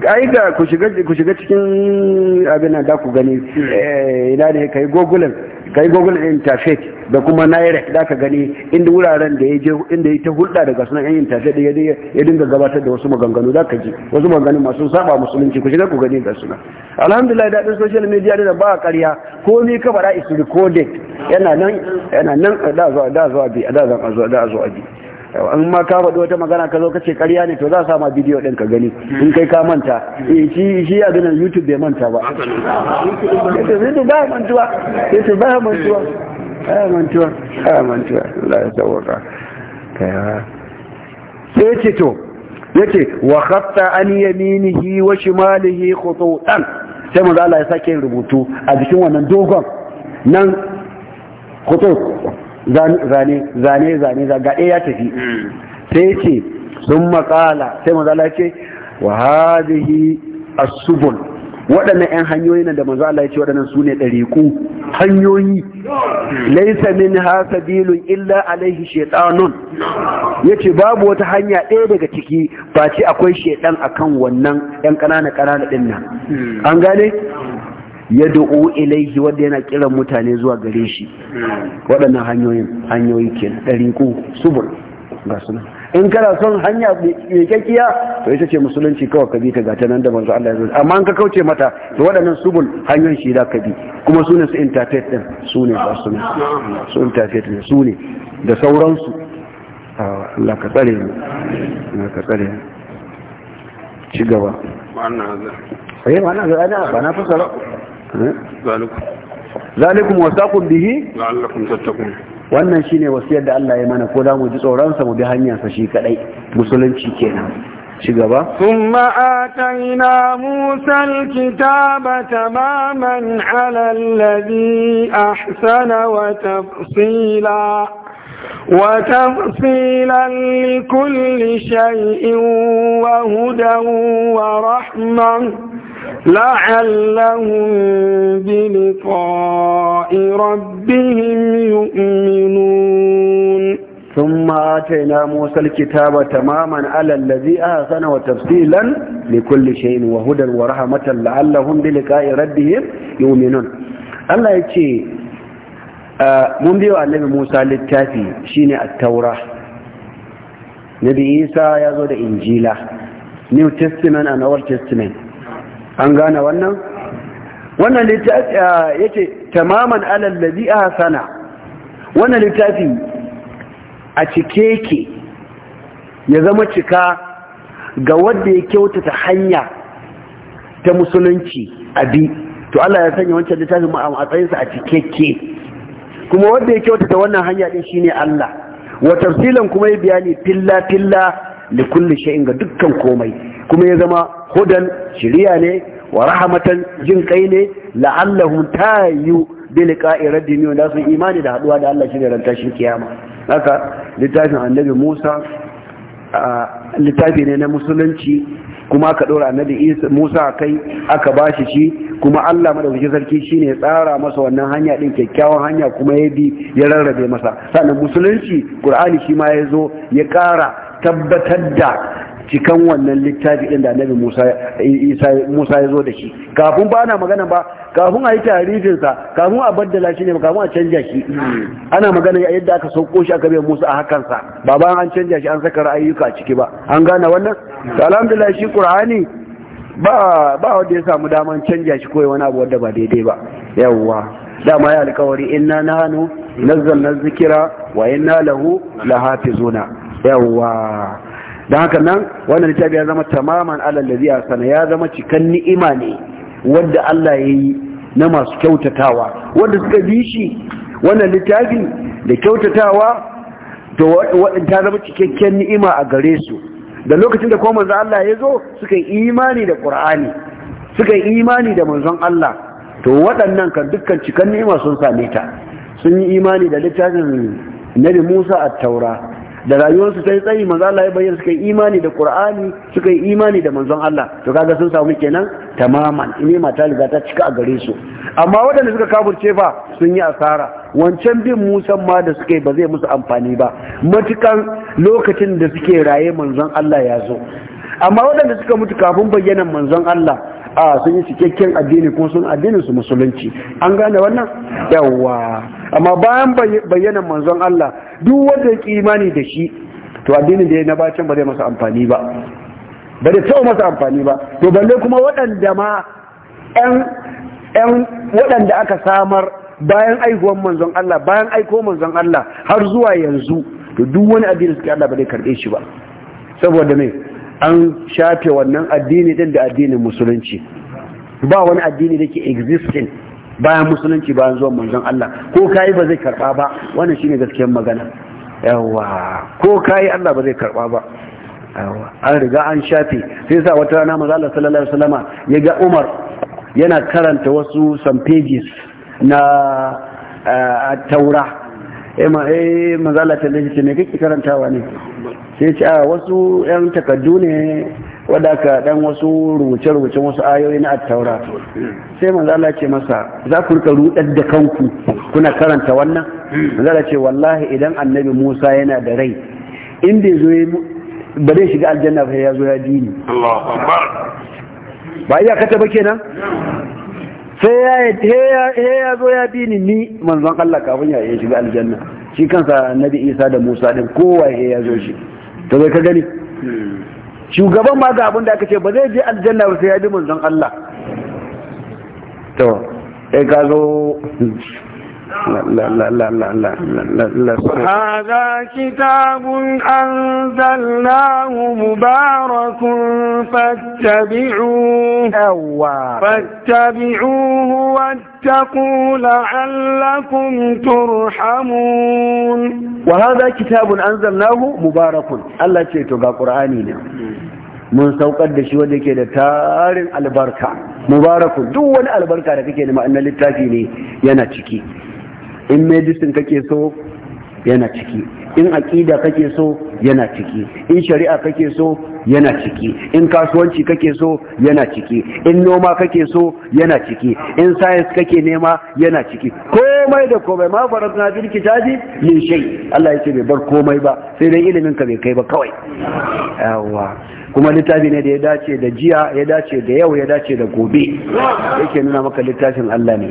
ai ga ku shiga ku shiga cikin abin da ku gani eh, ina ne kai google kai google interface da kuma naira da ka gani inda wuraren da ya je inda ya ta hulɗa daga sunan yan interface da ya dinga gabatar da wasu maganganu da ka ji wasu maganganu masu saba musulunci ku shiga ku gani da suna alhamdulillah daɗin social media da ba ƙarya ko ni ka faɗa is recorded yana nan yana nan da zuwa da zuwa bi da zuwa da zuwa bi in ma ka faɗi wata magana ka zo ka ce ƙarya ne to za a sama bidiyo ɗin ka gani in kai ka manta eh, shi shi a ganin youtube bai manta ba youtube ba mantuwa youtube ba mantuwa ba mantuwa ba mantuwa Allah ya sauwaka kaiwa ya ce to ya ce wa hafta an yaminihi wa shimalihi ɗan sai manzo Allah ya sake rubutu a jikin wannan dogon nan khutut zane zane zane ɗaya ya tafi hmm. sai ce sun matsala sai mazala ce wa hadihi asubul waɗannan 'yan hanyoyi da manzo Allah ya ce waɗannan su ne ɗariƙu hanyoyi laisa min ha sabilun illa alaihi shaitanun ya ce babu wata hanya ɗaya daga ciki ba ce akwai shaitan akan wannan 'yan ƙanana ƙanana ɗin nan hmm. an gane ya da'o ilaihi wanda yana kiran mutane zuwa gare shi waɗannan hanyoyin hanyoyi ke ɗariƙu subur ga suna in kana son hanya mai kyakkiya to ita ce musulunci kawai ka bi ta gata nan da manzo Allah ya zo amma an ka kauce mata to waɗannan subul hanyoyin shi da ka bi kuma su ne su entertain din su ne su suna su entertain su ne da sauransu ah, Allah ka tsare mu Allah ka tsare mu ci gaba wannan zai eh wannan zai ana ba na fasara zalikum wasaqum bihi la'allakum tattaqun wannan shine wasiyar da Allah ya mana ko da mu ji tsoron sa mu bi hanyar sa shi kadai musulunci kenan ci gaba thumma atayna musa alkitaba tamaman ala alladhi ahsana wa tafsila وتفصيلا لكل شيء وهدى ورحمة لعلهم بلقاء ربهم يؤمنون ثم آتينا موسى الكتاب تماما على الذي أحسن وتفصيلا لكل شيء وهدى ورحمة لعلهم بلقاء ربهم يؤمنون الله يتشي mun biyo annabi Musa littafi shine at-Taura Nabi Isa ya zo da Injila New Testament and Old Testament an gane wannan wannan littafi ah, yake tamaman alal a sana wannan littafi a cike yake ya zama cika ga wanda ya kyautata hanya ta musulunci abi to Allah ya sanya wancan littafin mu a matsayinsa a ke kuma wanda ya kyautata wannan hanya din shine Allah wa tafsilan kuma ya bayani filla filla da kulli shay'in ga dukkan komai kuma ya zama hudan shiriya ne wa rahmatan jin kai ne la'allahum tayu bi liqa'i rabbihim imani da haduwa da Allah shine ran tashin kiyama haka littafin annabi Musa littafi ne na musulunci kuma aka ɗora annabi Musa kai aka bashi shi kuma Allah madaukakin sarki shine ya tsara masa wannan hanya din kyakkyawan hanya kuma ya bi ya rarrabe masa sannan musulunci Qur'ani shi ma ya zo ya ƙara tabbatar da cikan wannan littafi ɗin da annabi Musa ya zo da shi kafin ba ana magana ba kafin a yi tarifinsa kafin a baddala shi ne kafin a canja shi ana magana yadda aka sauko shi aka bai Musa a sa ba bayan an canja shi an saka ra'ayyuka a ciki ba an gane wannan alhamdulillah shi Qur'ani ba ba wanda ya samu daman canja shi koyi wani abu wanda ba daidai ba yawwa dama ya alkawari inna nahnu nazzalna zikira wa inna lahu lahafizuna yawwa don haka nan wannan littafi ya zama tamaman alal ladhi sana ya zama cikan ni'ima ne wanda Allah ya yi na masu kyautatawa wanda suka bi shi wannan littafi da kyautatawa to ta zama cikakken ni'ima a gare su da lokacin da kuma manzon Allah ya zo suka yi imani da Qur'ani suka yi imani da manzon Allah to waɗannan kan dukkan cikan ni'ima sun same ta sun yi imani da littafin Nabi Musa at-Taura da rayuwarsu ta yi tsayi manzo Allah ya bayyana suka yi imani da Qur'ani suka yi imani da manzon Allah to kaga sun samu kenan tamaman ni'ima ta riga ta cika a gare su amma waɗanda suka kafurce fa sun yi asara wancan bin Musa ma da suka yi ba zai musu amfani ba matukan lokacin da suke raye manzon Allah ya zo amma waɗanda suka mutu kafin bayyana manzon Allah a sun yi cikakken addini kuma sun addinin su musulunci an gane wannan yawa amma bayan bayyana manzon Allah duk wanda ya imani da shi to addinin da ya na bacin ba zai masa amfani ba ba da tsawo masa amfani ba to balle kuma waɗanda ma ɗan waɗanda aka samar bayan aihuwan manzon Allah bayan aiko manzon Allah har zuwa yanzu to duk wani addini suke Allah ba zai karɓe shi ba saboda me an shafe wannan addini din da addinin musulunci ba wani addini da ke existing bayan musulunci bayan zuwan manzon Allah ko kai ba zai karba ba wannan shine gaskiyar magana yawa ko kai Allah ba zai karba ba yawa an riga an shafe sai sa wata rana manzon Allah sallallahu alaihi wasallama ya ga Umar yana karanta wasu some pages na eh, taura eh, eh manzon Allah ta ce me kake karantawa ne sai ce a wasu 'yan takaddu ne wadaka dan wasu rubuce-rubuce wasu ayoyi na attaura sai manzala ce masa za ku rika rudar da kanku kuna karanta wannan manzala ce wallahi idan annabi musa yana da rai in bai zo ba zai shiga aljanna ba ya zo ya dini ba iya kata ba kenan sai ya zo ya dini ni manzon Allah kafin ya shiga aljanna shi kansa annabi isa da musa din kowa ya zo shi to zai ka gani hmm. shugaban ma ga abin da aka ce ba zai je aljanna ba sai ya ji manzon Allah to sai ka zo هذا كتاب أنزلناه مبارك فاتبعوه فاتبعوه واتقوا لعلكم ترحمون وهذا كتاب أنزلناه مبارك الله تعالى قرآننا mun saukar da shi wanda ke da tarin albarka mubarakun duk wani albarka da kake nema na littafi ne yana ciki in medicine kake so yana ciki in aƙida kake so yana ciki in shari'a kake so yana ciki in kasuwanci kake so yana ciki in noma kake so yana ciki in science kake nema yana ciki komai da komai ma na bil kitabi min sha'i. Allah yace bai bar komai ba sai dai ilimin ka bai kai ba kawai yawa kuma littafi ne da ya dace da jiya ya dace da yau ya dace da gobe yake nuna maka littafin Allah ne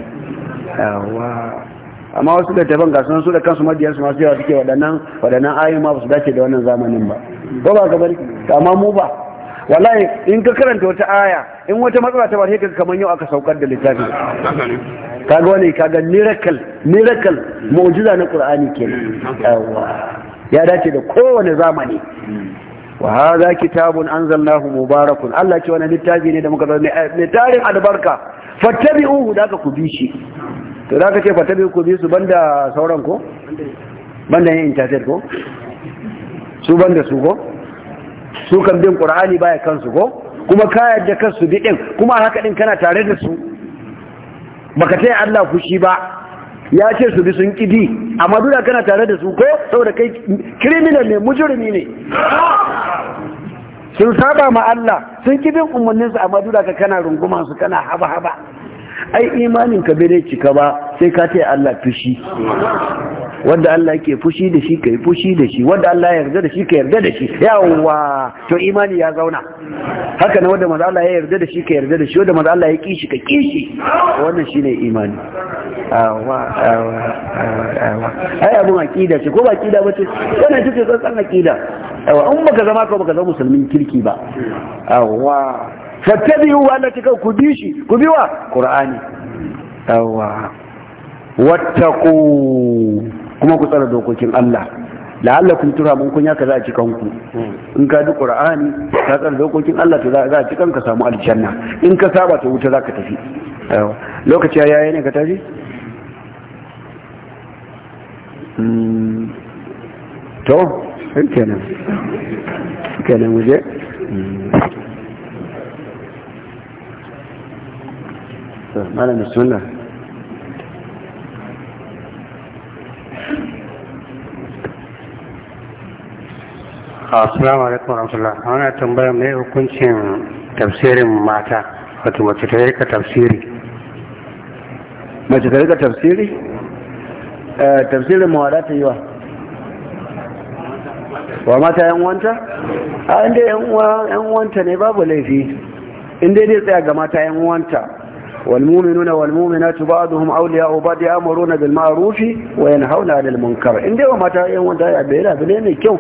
yawa amma wasu da tafan gasu su da kansu madiyar su masu yawa suke waɗannan wadannan ayoyi ma su dace da wannan zamanin ba ba ba gabar amma mu ba wallahi in ka karanta wata aya in wata matsala ta bare kaga kamar yau aka saukar da littafin kaga wani kaga miracle miracle mu'jiza na qur'ani kenan yawa ya dace da kowane zamani wa hadha kitabun anzalnahu mubarakun Allah ce wannan littafi ne da muka zo ne tarin albarka fattabi'uhu da ka ku bi shi to da aka ce fata biyu ku bi su banda sauran ko banda yin intanet ko su banda su ko su kan bin ƙura'ani baya kansu ko kuma ka yadda kansu bi ɗin, kuma haka ɗin kana tare da su baka taya Allah fushi ba ya ce su bi sun ƙidi amma duk kana tare da su ko saboda kai criminal ne mujrimi ne sun saba ma Allah sun kibin umarninsu amma ka kana runguma su kana haba haba ai imanin ka bai cika ba sai ka taya Allah fushi wanda Allah ke fushi da shi kai fushi da shi wanda Allah ya yarda da shi ka yarda da shi yawa to imani ya zauna haka ne wanda manzo Allah ya yarda da shi ka yarda da shi wanda manzo Allah ya kishi ka kishi wannan shine imani awa awa awa ai abun akida ce ko ba akida ba ce wannan take tsantsan akida awa in baka zama ko baka zama musulmin kirki ba awa fattabi'u wa Allah ta ku bi shi ku bi wa Qur'ani yawa wattaqu kuma ku tsara dokokin Allah la'allakum turhamun kun yaka kaza a cikin ku in ka bi Qur'ani ka tsara dokokin Allah to za a cikin ka samu aljanna in ka saba ta wuta zaka tafi lokaci ya, yayi ne ka tafi hmm. to kenan kenan waje malam suna. assalamu alaikum warahmatullah ana tambayar mai hukuncin tafsirin mata wato mace ta rika tafsiri mace ta rika tafsiri eh, tafsirin mawada ta yi wa wa mata yan wanta a ah, inda yan wanta ne babu laifi inda dai tsaya ga mata yan wanta والمؤمنون والمؤمنات بعضهم اولياء بعض يأمرون بالمعروف وينهون عن المنكر ان ده متى ايه وده بلا بلا ني كيو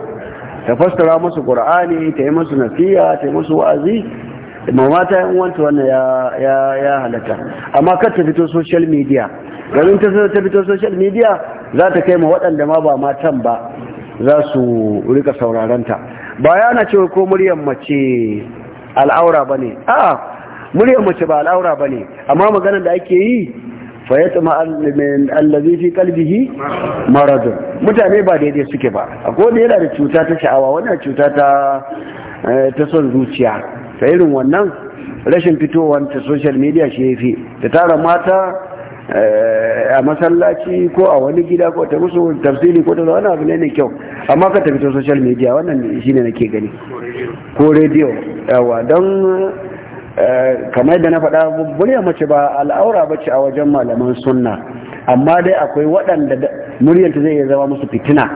تفسر musu qur'ani tay musu nasiha tay musu wazi amma mata ان وانت وانا يا يا يا amma kar ta fito social midiya. garin ta fito social media za ta kai ma waɗanda ma ba matan ba za su rika sauraron ta bayana cewa ko muryar mace al'aura bane a'a muryar mace ba al'aura ba ne amma maganar da ake yi fayyata ma'alimin allazi fi kalbihi maradun mutane ba daidai suke ba akwai yana da cuta ta sha'awa wannan cuta eh, ta son zuciya ta irin wannan rashin fitowar ta social media shi yafi ta tara mata eh, a masallaci ko a wani gida ko ta musu tafsiri ko ta zo wani abu ne kyau amma ka tafi ta social media wannan shine nake gani ko rediyo yawa don kamar da na faɗa muryar mace ba al'aura bace a wajen malaman sunna amma dai akwai waɗanda muryar zai iya zama musu fitina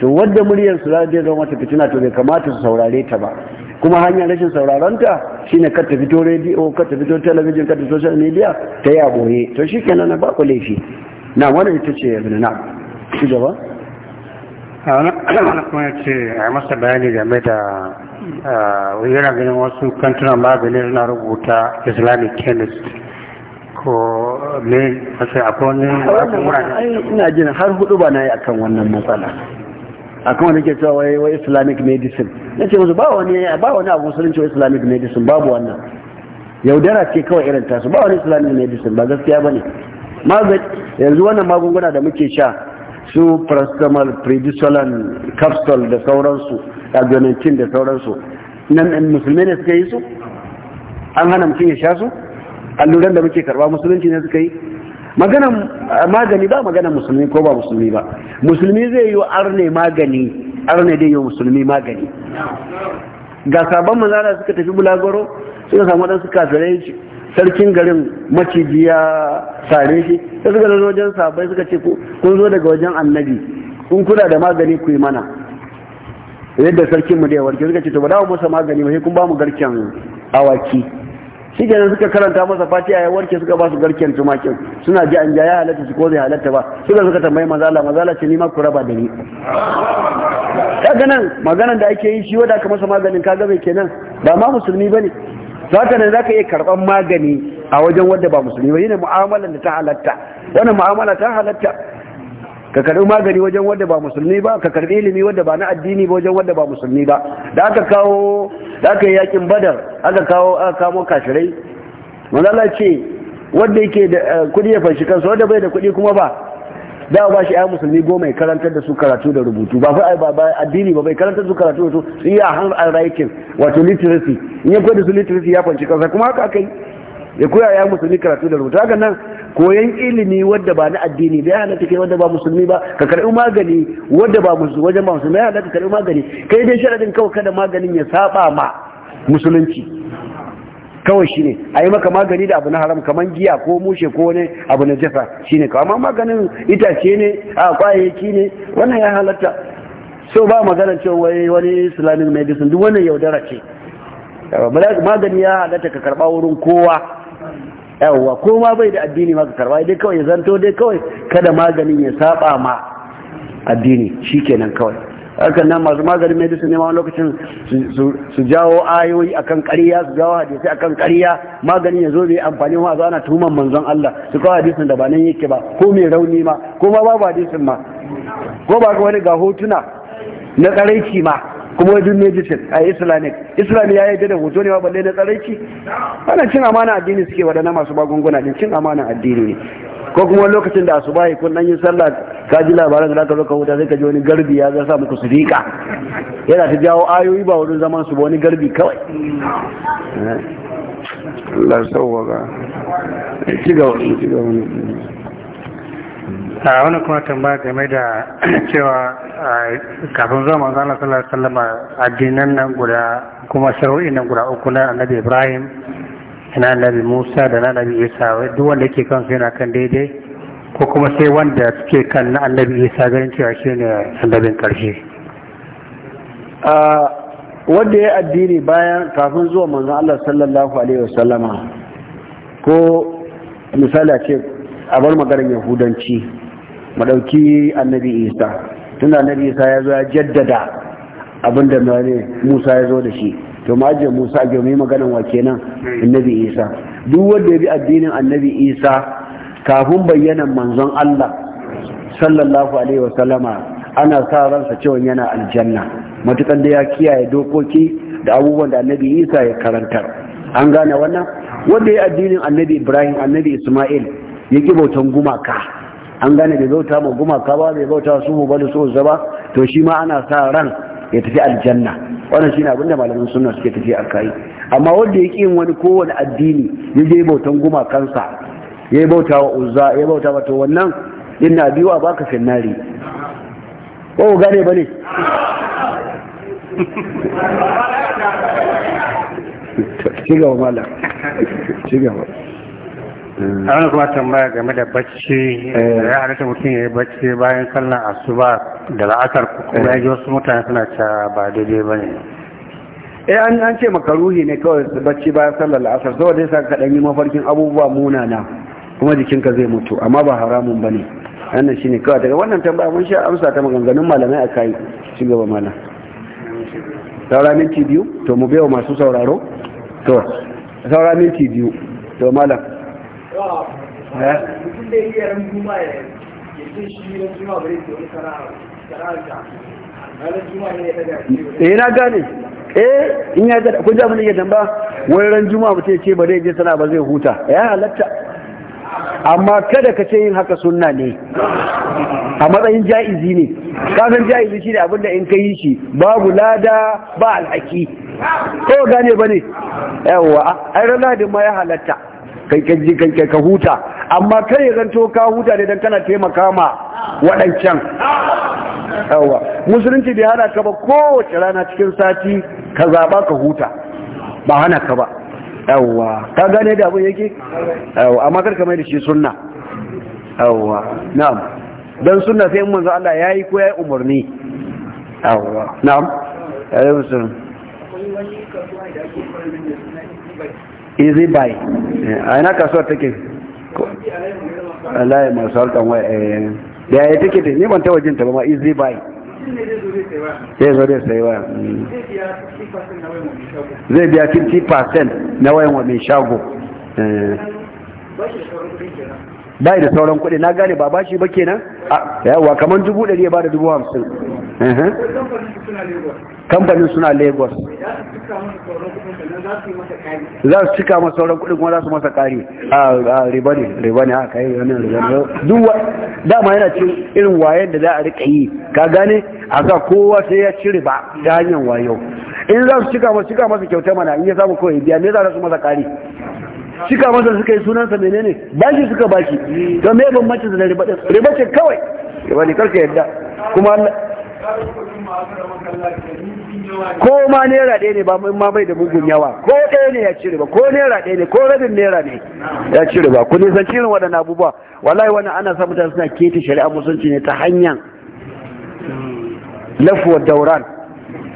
to wadda muryar su za zai zama musu fitina to bai kamata su saurare ta ba kuma hanyar rashin sauraron ta shine kar ta fito rediyo kar ta fito talabijin kar ta social media ta yi a boye to kenan na ba ku laifi na wani ita ce yanzu na shi gaba wani kuma ya ce a masa bayani game da yana ganin wasu kantunan magani na rubuta islamic chemist ko ne wasu akwai wani ina jin har hudu ba na yi akan wannan matsala akan wani ke cewa wai islamic medicine na ce musu ba wani ba wani abu musulunci wai islamic medicine babu wannan yaudara ce kawai irin tasu ba wani islamic medicine ba gaskiya ba ne yanzu wannan magunguna da muke sha su paracetamol predisolan capsule da sauransu agonantin da sauransu nan eh, musulmi ne suka yi su an hana mutum ya sha su alluran da muke karba musulunci ne suka yi maganan eh, magani ba maganan musulmi ko ba musulmi ba musulmi zai yi arne magani arne dai yi musulmi magani ga sabon manzana suka tafi bulagoro suka samu waɗansu kafirai sarkin garin maciji ya sare shi sai suka zo wajen sabai suka ce kun zo daga wajen annabi kun kuna da magani ku yi mana yadda sarkin mu da warke suka ce to ba dawo masa magani ba sai kun ba mu garken awaki shi kenan suka karanta masa Fati a yawarki suka ba su garken tumakin suna ji an ya halatta su ko zai halatta ba suka suka tambayi mazala mazala ce ni ma ku raba da ni kaga nan maganan da ake yi shi wanda aka masa maganin kaga bai kenan ba ma musulmi bane zaka za zaka iya karban magani a wajen wanda ba musulmi ba yana mu'amalar da ta halatta wannan mu'amala ta halatta ka karbi magani wajen wanda ba musulmi ba ka karbi ilimi wanda ba na addini ba wajen wanda ba musulmi ba da aka kawo da aka yi yakin badar aka kawo aka kamo kashirai Allah ce wanda yake da eh, kudi ya fanshi kansa wanda bai da kudi kuma ba za a ba shi ayan musulmi goma ya karantar da su karatu da rubutu ba fa ba addini ba bai karantar su karatu da su sun yi a hand and writing wato literacy in ya koyi da su literacy ya fanci kansa kuma haka aka yi ya koya ya musulmi karatu da rubutu haka nan koyan ilimi wadda ba na addini bai ya halatta kai wadda ba musulmi ba ka karbi magani wadda ba musulmi wajen ba musulmi ya halatta karbi magani kai dai sharadin kawai kada maganin ya saba ma musulunci kawai shine a yi maka magani da abu na haram kamar giya ko mushe ko wani abu na jasa ne kawai amma maganin itace ne a kwayayyaki ne wannan ya halatta so ba magana cewa wani islamic medicine duk wannan yaudara ce magani ya halatta ka karba wurin kowa yawwa ko bai da addini ma ka karba dai kawai ya zanto dai kawai kada maganin ya saba ma addini shi kenan kawai haka nan masu maganin medicine ma lokacin su jawo ayoyi akan ƙarya su jawo hadisi akan ƙarya maganin ya zo bai amfani ma za na tuhuman manzon Allah su kawo hadisin da ba nan yake ba ko mai rauni ma ko ma babu hadisin ma ko ba ga wani ga hotuna na tsaraici ma kuma wajen medicine a islamic Islam ya yi da hoto ne ba balle na tsaraici Ana cin amana addini suke wadana masu magunguna din cin amana addini ne ko kuma lokacin da asuba kun dan yi sallah ka ji labaran da ka zo ka huta sai ka ji wani garbi ya ga sa muku su yana ta jawo ayoyi ba wurin zaman su ba wani garbi kawai Allah ga ci gaba ci wani a wani kuma tambaya game da cewa kafin zuwa manzo Allah sallallahu alaihi wasallam addinan nan guda kuma shari'in nan guda uku na Annabi Ibrahim na nabi musa da na nabi isa duk wanda yake kansu yana kan daidai ko kuma sai wanda suke kan na annabi isa ganin cewa shi ne annabin ƙarshe wanda ya addini bayan kafin zuwa manzon Allah sallallahu alaihi wasallama ko misali a ce a bar maganar yahudanci madauki annabi isa tun annabi isa ya zo ya jaddada abinda ne musa ya zo da shi to majiyar musa ga mai maganan wa kenan annabi isa duk wanda ya bi addinin annabi isa kafin bayyana manzon allah sallallahu alaihi wa sallama ana sa ransa cewa yana aljanna matukan da ya kiyaye dokoki da abubuwan da annabi isa ya karantar an gane wannan wanda ya addinin annabi ibrahim annabi isma'il ya ki bautan gumaka an gane bai bauta ma gumaka ba bai bauta su mu da su ba to shi ma ana sa ran ya tafi aljanna wannan shine abinda malamin sunna suke tafi a kai amma wanda yake yin wani kowane addini ya je bautan guma kansa, ya bauta wa uzza ya bauta wa to wannan inna biwa baka finnari ko gane bane ci gaba malam wa gaba Mm. a wani kuma tambaya game da bacci eh. ya halitta mutum ya yi bacci bayan kallon asuba da la'asar kuma eh. ya ji wasu mutane suna ca ba daidai ba ne eh an an ce makaruhi ne kawai bacci bayan sallar la'asar saboda yasa ka dan yi mafarkin abubuwa munana kuma jikinka zai mutu amma ba haramun bane wannan shine kawai daga wannan tambaya mun sha amsa ta maganganun malamai akai shi gaba mana saura minti biyu to mu bai wa masu sauraro to saura minti biyu to malam mutum eh? eh na gane eh in ya ga kun ji abin da tamba wai ran juma mutum ya ce ba zai je sana ba zai huta ya halatta amma kada ka ce yin haka sunna ne a matsayin ja'izi ne kasan ja'izi shi ne abinda in ka yi shi babu lada ba alhaki ko gane ba ne yawwa ai ran ladin ma ya halatta kai ka ji kai ka huta amma kai ya zanto ka huta ne dan kana taimaka ma waɗancan yawa musulunci bai hana ka ba kowace rana cikin sati ka zaba ka huta ba hana ka ba yawa ka gane da abin yake yawa amma karka mai da shi sunna yawa na'am dan sunna sai mun manzo Allah yayi ko yayi umarni yawa na'am ayyuhum wani kasuwa da fara easy buy eh, a ina kasuwar take Allah ya masu harkan waya eh, da ya take ne ban ta wajen ta ba easy buy zai zo dai sai waya mm. zai biya 50% na wayan wa mai shago eh. bai da sauran kuɗi na gane ba ba shi ba kenan yawa kamar dubu ɗari ya ba da dubu hamsin kamfanin suna lagos za su cika masa sauran kuɗin kuma za su masa ƙari a riba ne riba ne aka yi wani riba ne duk dama yana cin irin wayen da za a riƙa yi ka gane a sa kowa sai ya ci riba ta hanyar wayo in za su cika masa cika masa kyauta mana in ya samu kawai biya ne za su masa ƙari cika masa suka yi sunansa menene bashi suka bashi don me bambancin da riba riba ce kawai ba ne karka yadda kuma ko ma naira ɗaya ne ba ma bai da mugun yawa ko ɗaya ne ya ci riba ko naira ɗaya ne ko rabin naira ne ya ci riba ku nisan cirin waɗannan abubuwa wallahi wannan ana sa mutane suna keta shari'a musulunci ne ta hanyar lafuwar dauran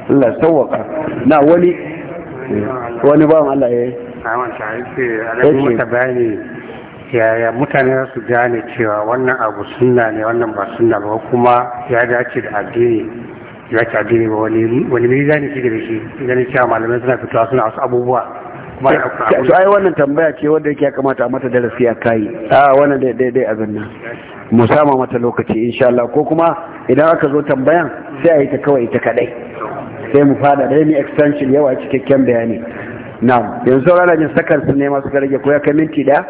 Allah sauwaka na wani wani bawan Allah ya yi yaya mutane za su gane cewa wannan abu sunna ne wannan ba sunna ba kuma ya dace da addini ya ce addini ba wani mizani shi da shi ganin cewa malamai suna fitowa suna wasu abubuwa to ai wannan tambaya ce wanda yake ya kamata a mata darasi a kai a wannan dai dai dai abin mu sama mata lokaci insha Allah ko kuma idan aka zo tambayan sai a yi ta kawai ita kadai sai mu fada dai ni extension yawa cikakken bayani na'am yanzu sauran rajin sakar su ne masu karage ko ya kai minti daya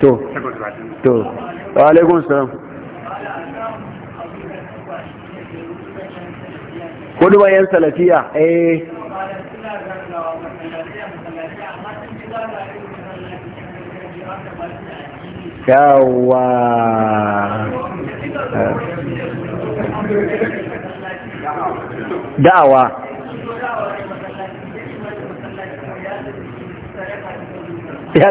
to to wa alaikum salam kudu bayan salafiya eh yawa da'awa ya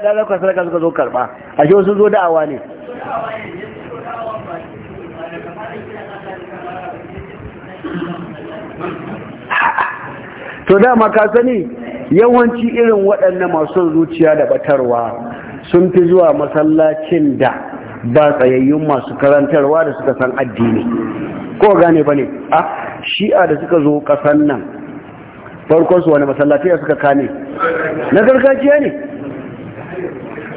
sarka suka zo karba a wasu zo da'awa ne to dama ka sani yawanci irin waɗannan masu zuciya da batarwa sun fi zuwa masallacin da ba tsayayyun masu karantarwa da suka san addini ko gane ba ne a shi'a da suka zo ƙasan nan farkon su wani masallaci ya suka kame na gargajiya ne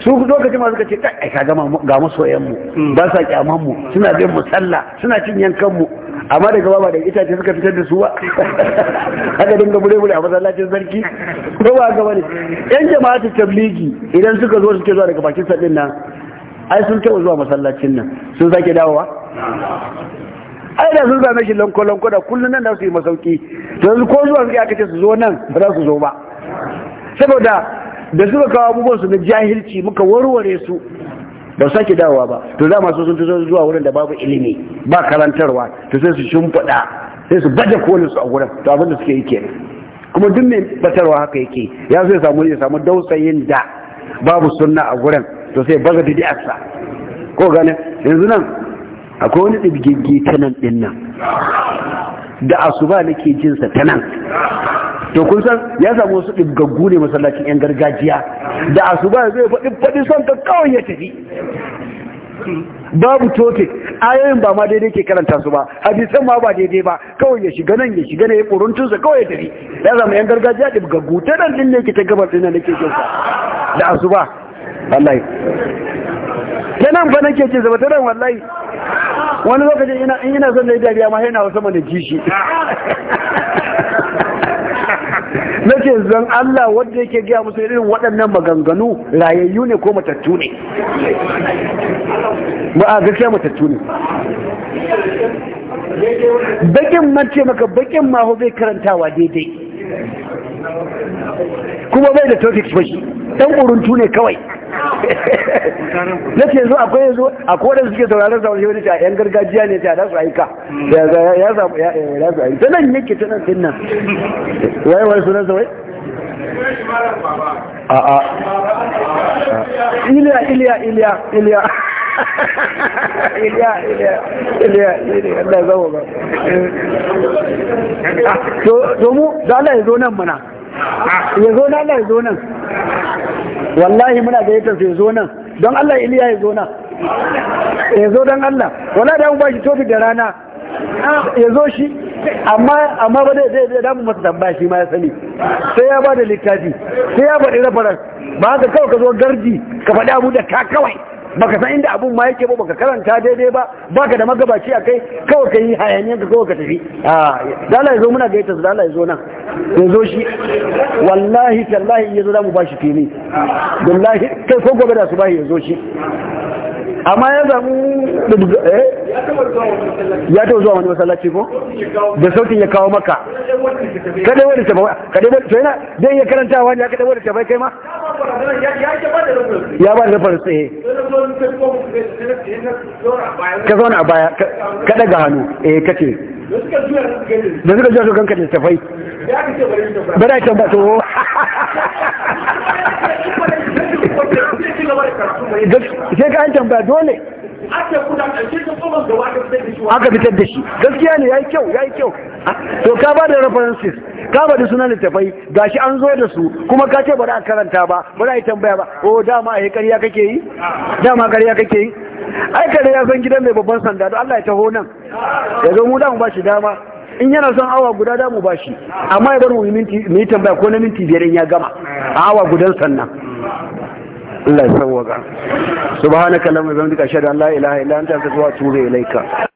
su lokacin ma suka ce ka gama ga masoyan mu ba sa kyamanmu, suna bin mu suna cin yankanmu, amma daga ba da itace suka fitar da su ba haka dinga bure bure a masallacin sarki ko ba ga ne yan jama'atu tabligi idan suka zo suke zuwa daga bakin sadin nan ai sun taɓa zuwa masallacin nan sun sake dawowa ai da sun zame shi lanko-lanko da kullum nan da su yi masauki to yanzu ko zuwa suke aka ce su zo nan ba za su zo ba saboda da suka kawo abubuwan su na jahilci muka warware su ba sake dawowa ba to za masu sun tuzo zuwa wurin da babu ilimi ba karantarwa to sai su shimfiɗa sai su baje kolin su a wurin to abin da suke yi kenan kuma duk mai batarwa haka yake ya sai samu ya samu dausayin da babu sunna a wurin, to sai baza bid'arsa ko gane yanzu nan akwai wani ɗibgiggi ta nan ɗin nan da asuba nake jinsa ta nan to kun san ya samu wasu ɗibgaggu ne masallacin 'yan gargajiya da asuba zai faɗi faɗi son ta kawai ya tafi babu tote ayoyin ba ma daidai ke karanta su ba hadisan ma ba daidai ba kawai ya shiga nan ya shiga ne ya ƙuruntunsa kawai ya tafi ya samu 'yan gargajiya ɗibgaggu ta nan ɗin ne ke ta gabar ɗin nan nake jinsa da asuba wallahi kenan fa nake ce zaba tare wallahi wani lokacin ina in ina son da dariya ma yana sama da kishi nake zan Allah wanda yake gaya musu irin waɗannan maganganu rayayyu ne ko matattu ne ba a gaskiya matattu ne bakin mace maka bakin maho bai karantawa daidai kuma bai da topics shi ɗan uruntu ne kawai na yanzu akwai yanzu a kodin suke sauraron sa wani ta yan gargajiya ne ta da aika ya samu ya ya za nan yake ta nan din wai wai sunan sa wai a a iliya iliya iliya iliya iliya iliya iliya iliya Allah zama ba to mu da Allah ya zo nan mana ya zo iliya, Allah ya zo nan wallahi muna da gayyatar sai zo nan don Allah Iliya ya zo nan ya zo don Allah wala da ba bashi tofi da rana ya zo shi amma amma ba zai zai damu masa tambaya shi ma ya sani sai ya bada littafi sai ya faɗi rafarar ba haka kawai ka zo garji, ka faɗi abu da ka kawai baka san inda abun ma yake ba baka karanta daidai ba baka da magabaci a kai kawai ka yi hayaniyar ka kawai ka tafi a dala ya zo muna gaita su dala ya zo nan ya zo shi wallahi tallahi ya zo za mu ba shi fili wallahi kai ko gobe da su ba ya zo shi amma ya zamu eh? ya ta zuwa wani masallaci ko da sautin ya kawo maka kada wani bai kada wani to yana dai ya karanta wani ya kada wani bai kai ma ya ba da rufar sai eh. ka zauna a baya ka daga hannu eh kace da suka kan su kanka da tafai ba da ta ba to sai ka an tambaya dole aka fitar da shi gaskiya ne ya yi kyau ya yi kyau to ka ba da references ka ba da sunan littafai shi an zo da su kuma ka ce ba a karanta ba ba a yi tambaya ba o oh, dama a yi karya kake yi dama karya kake yi ai kare ya san gidan mai babban sanda don Allah ya taho nan ya zo mu damu ba shi dama in yana son awa guda damu ba shi amma ya bar mu yi tambaya ko na minti biyar in ya gama a awa gudan sannan Allah ya sawwaka subhanaka allahumma wa bihamdika ashhadu an la ilaha illa anta astaghfiruka wa atubu ilaika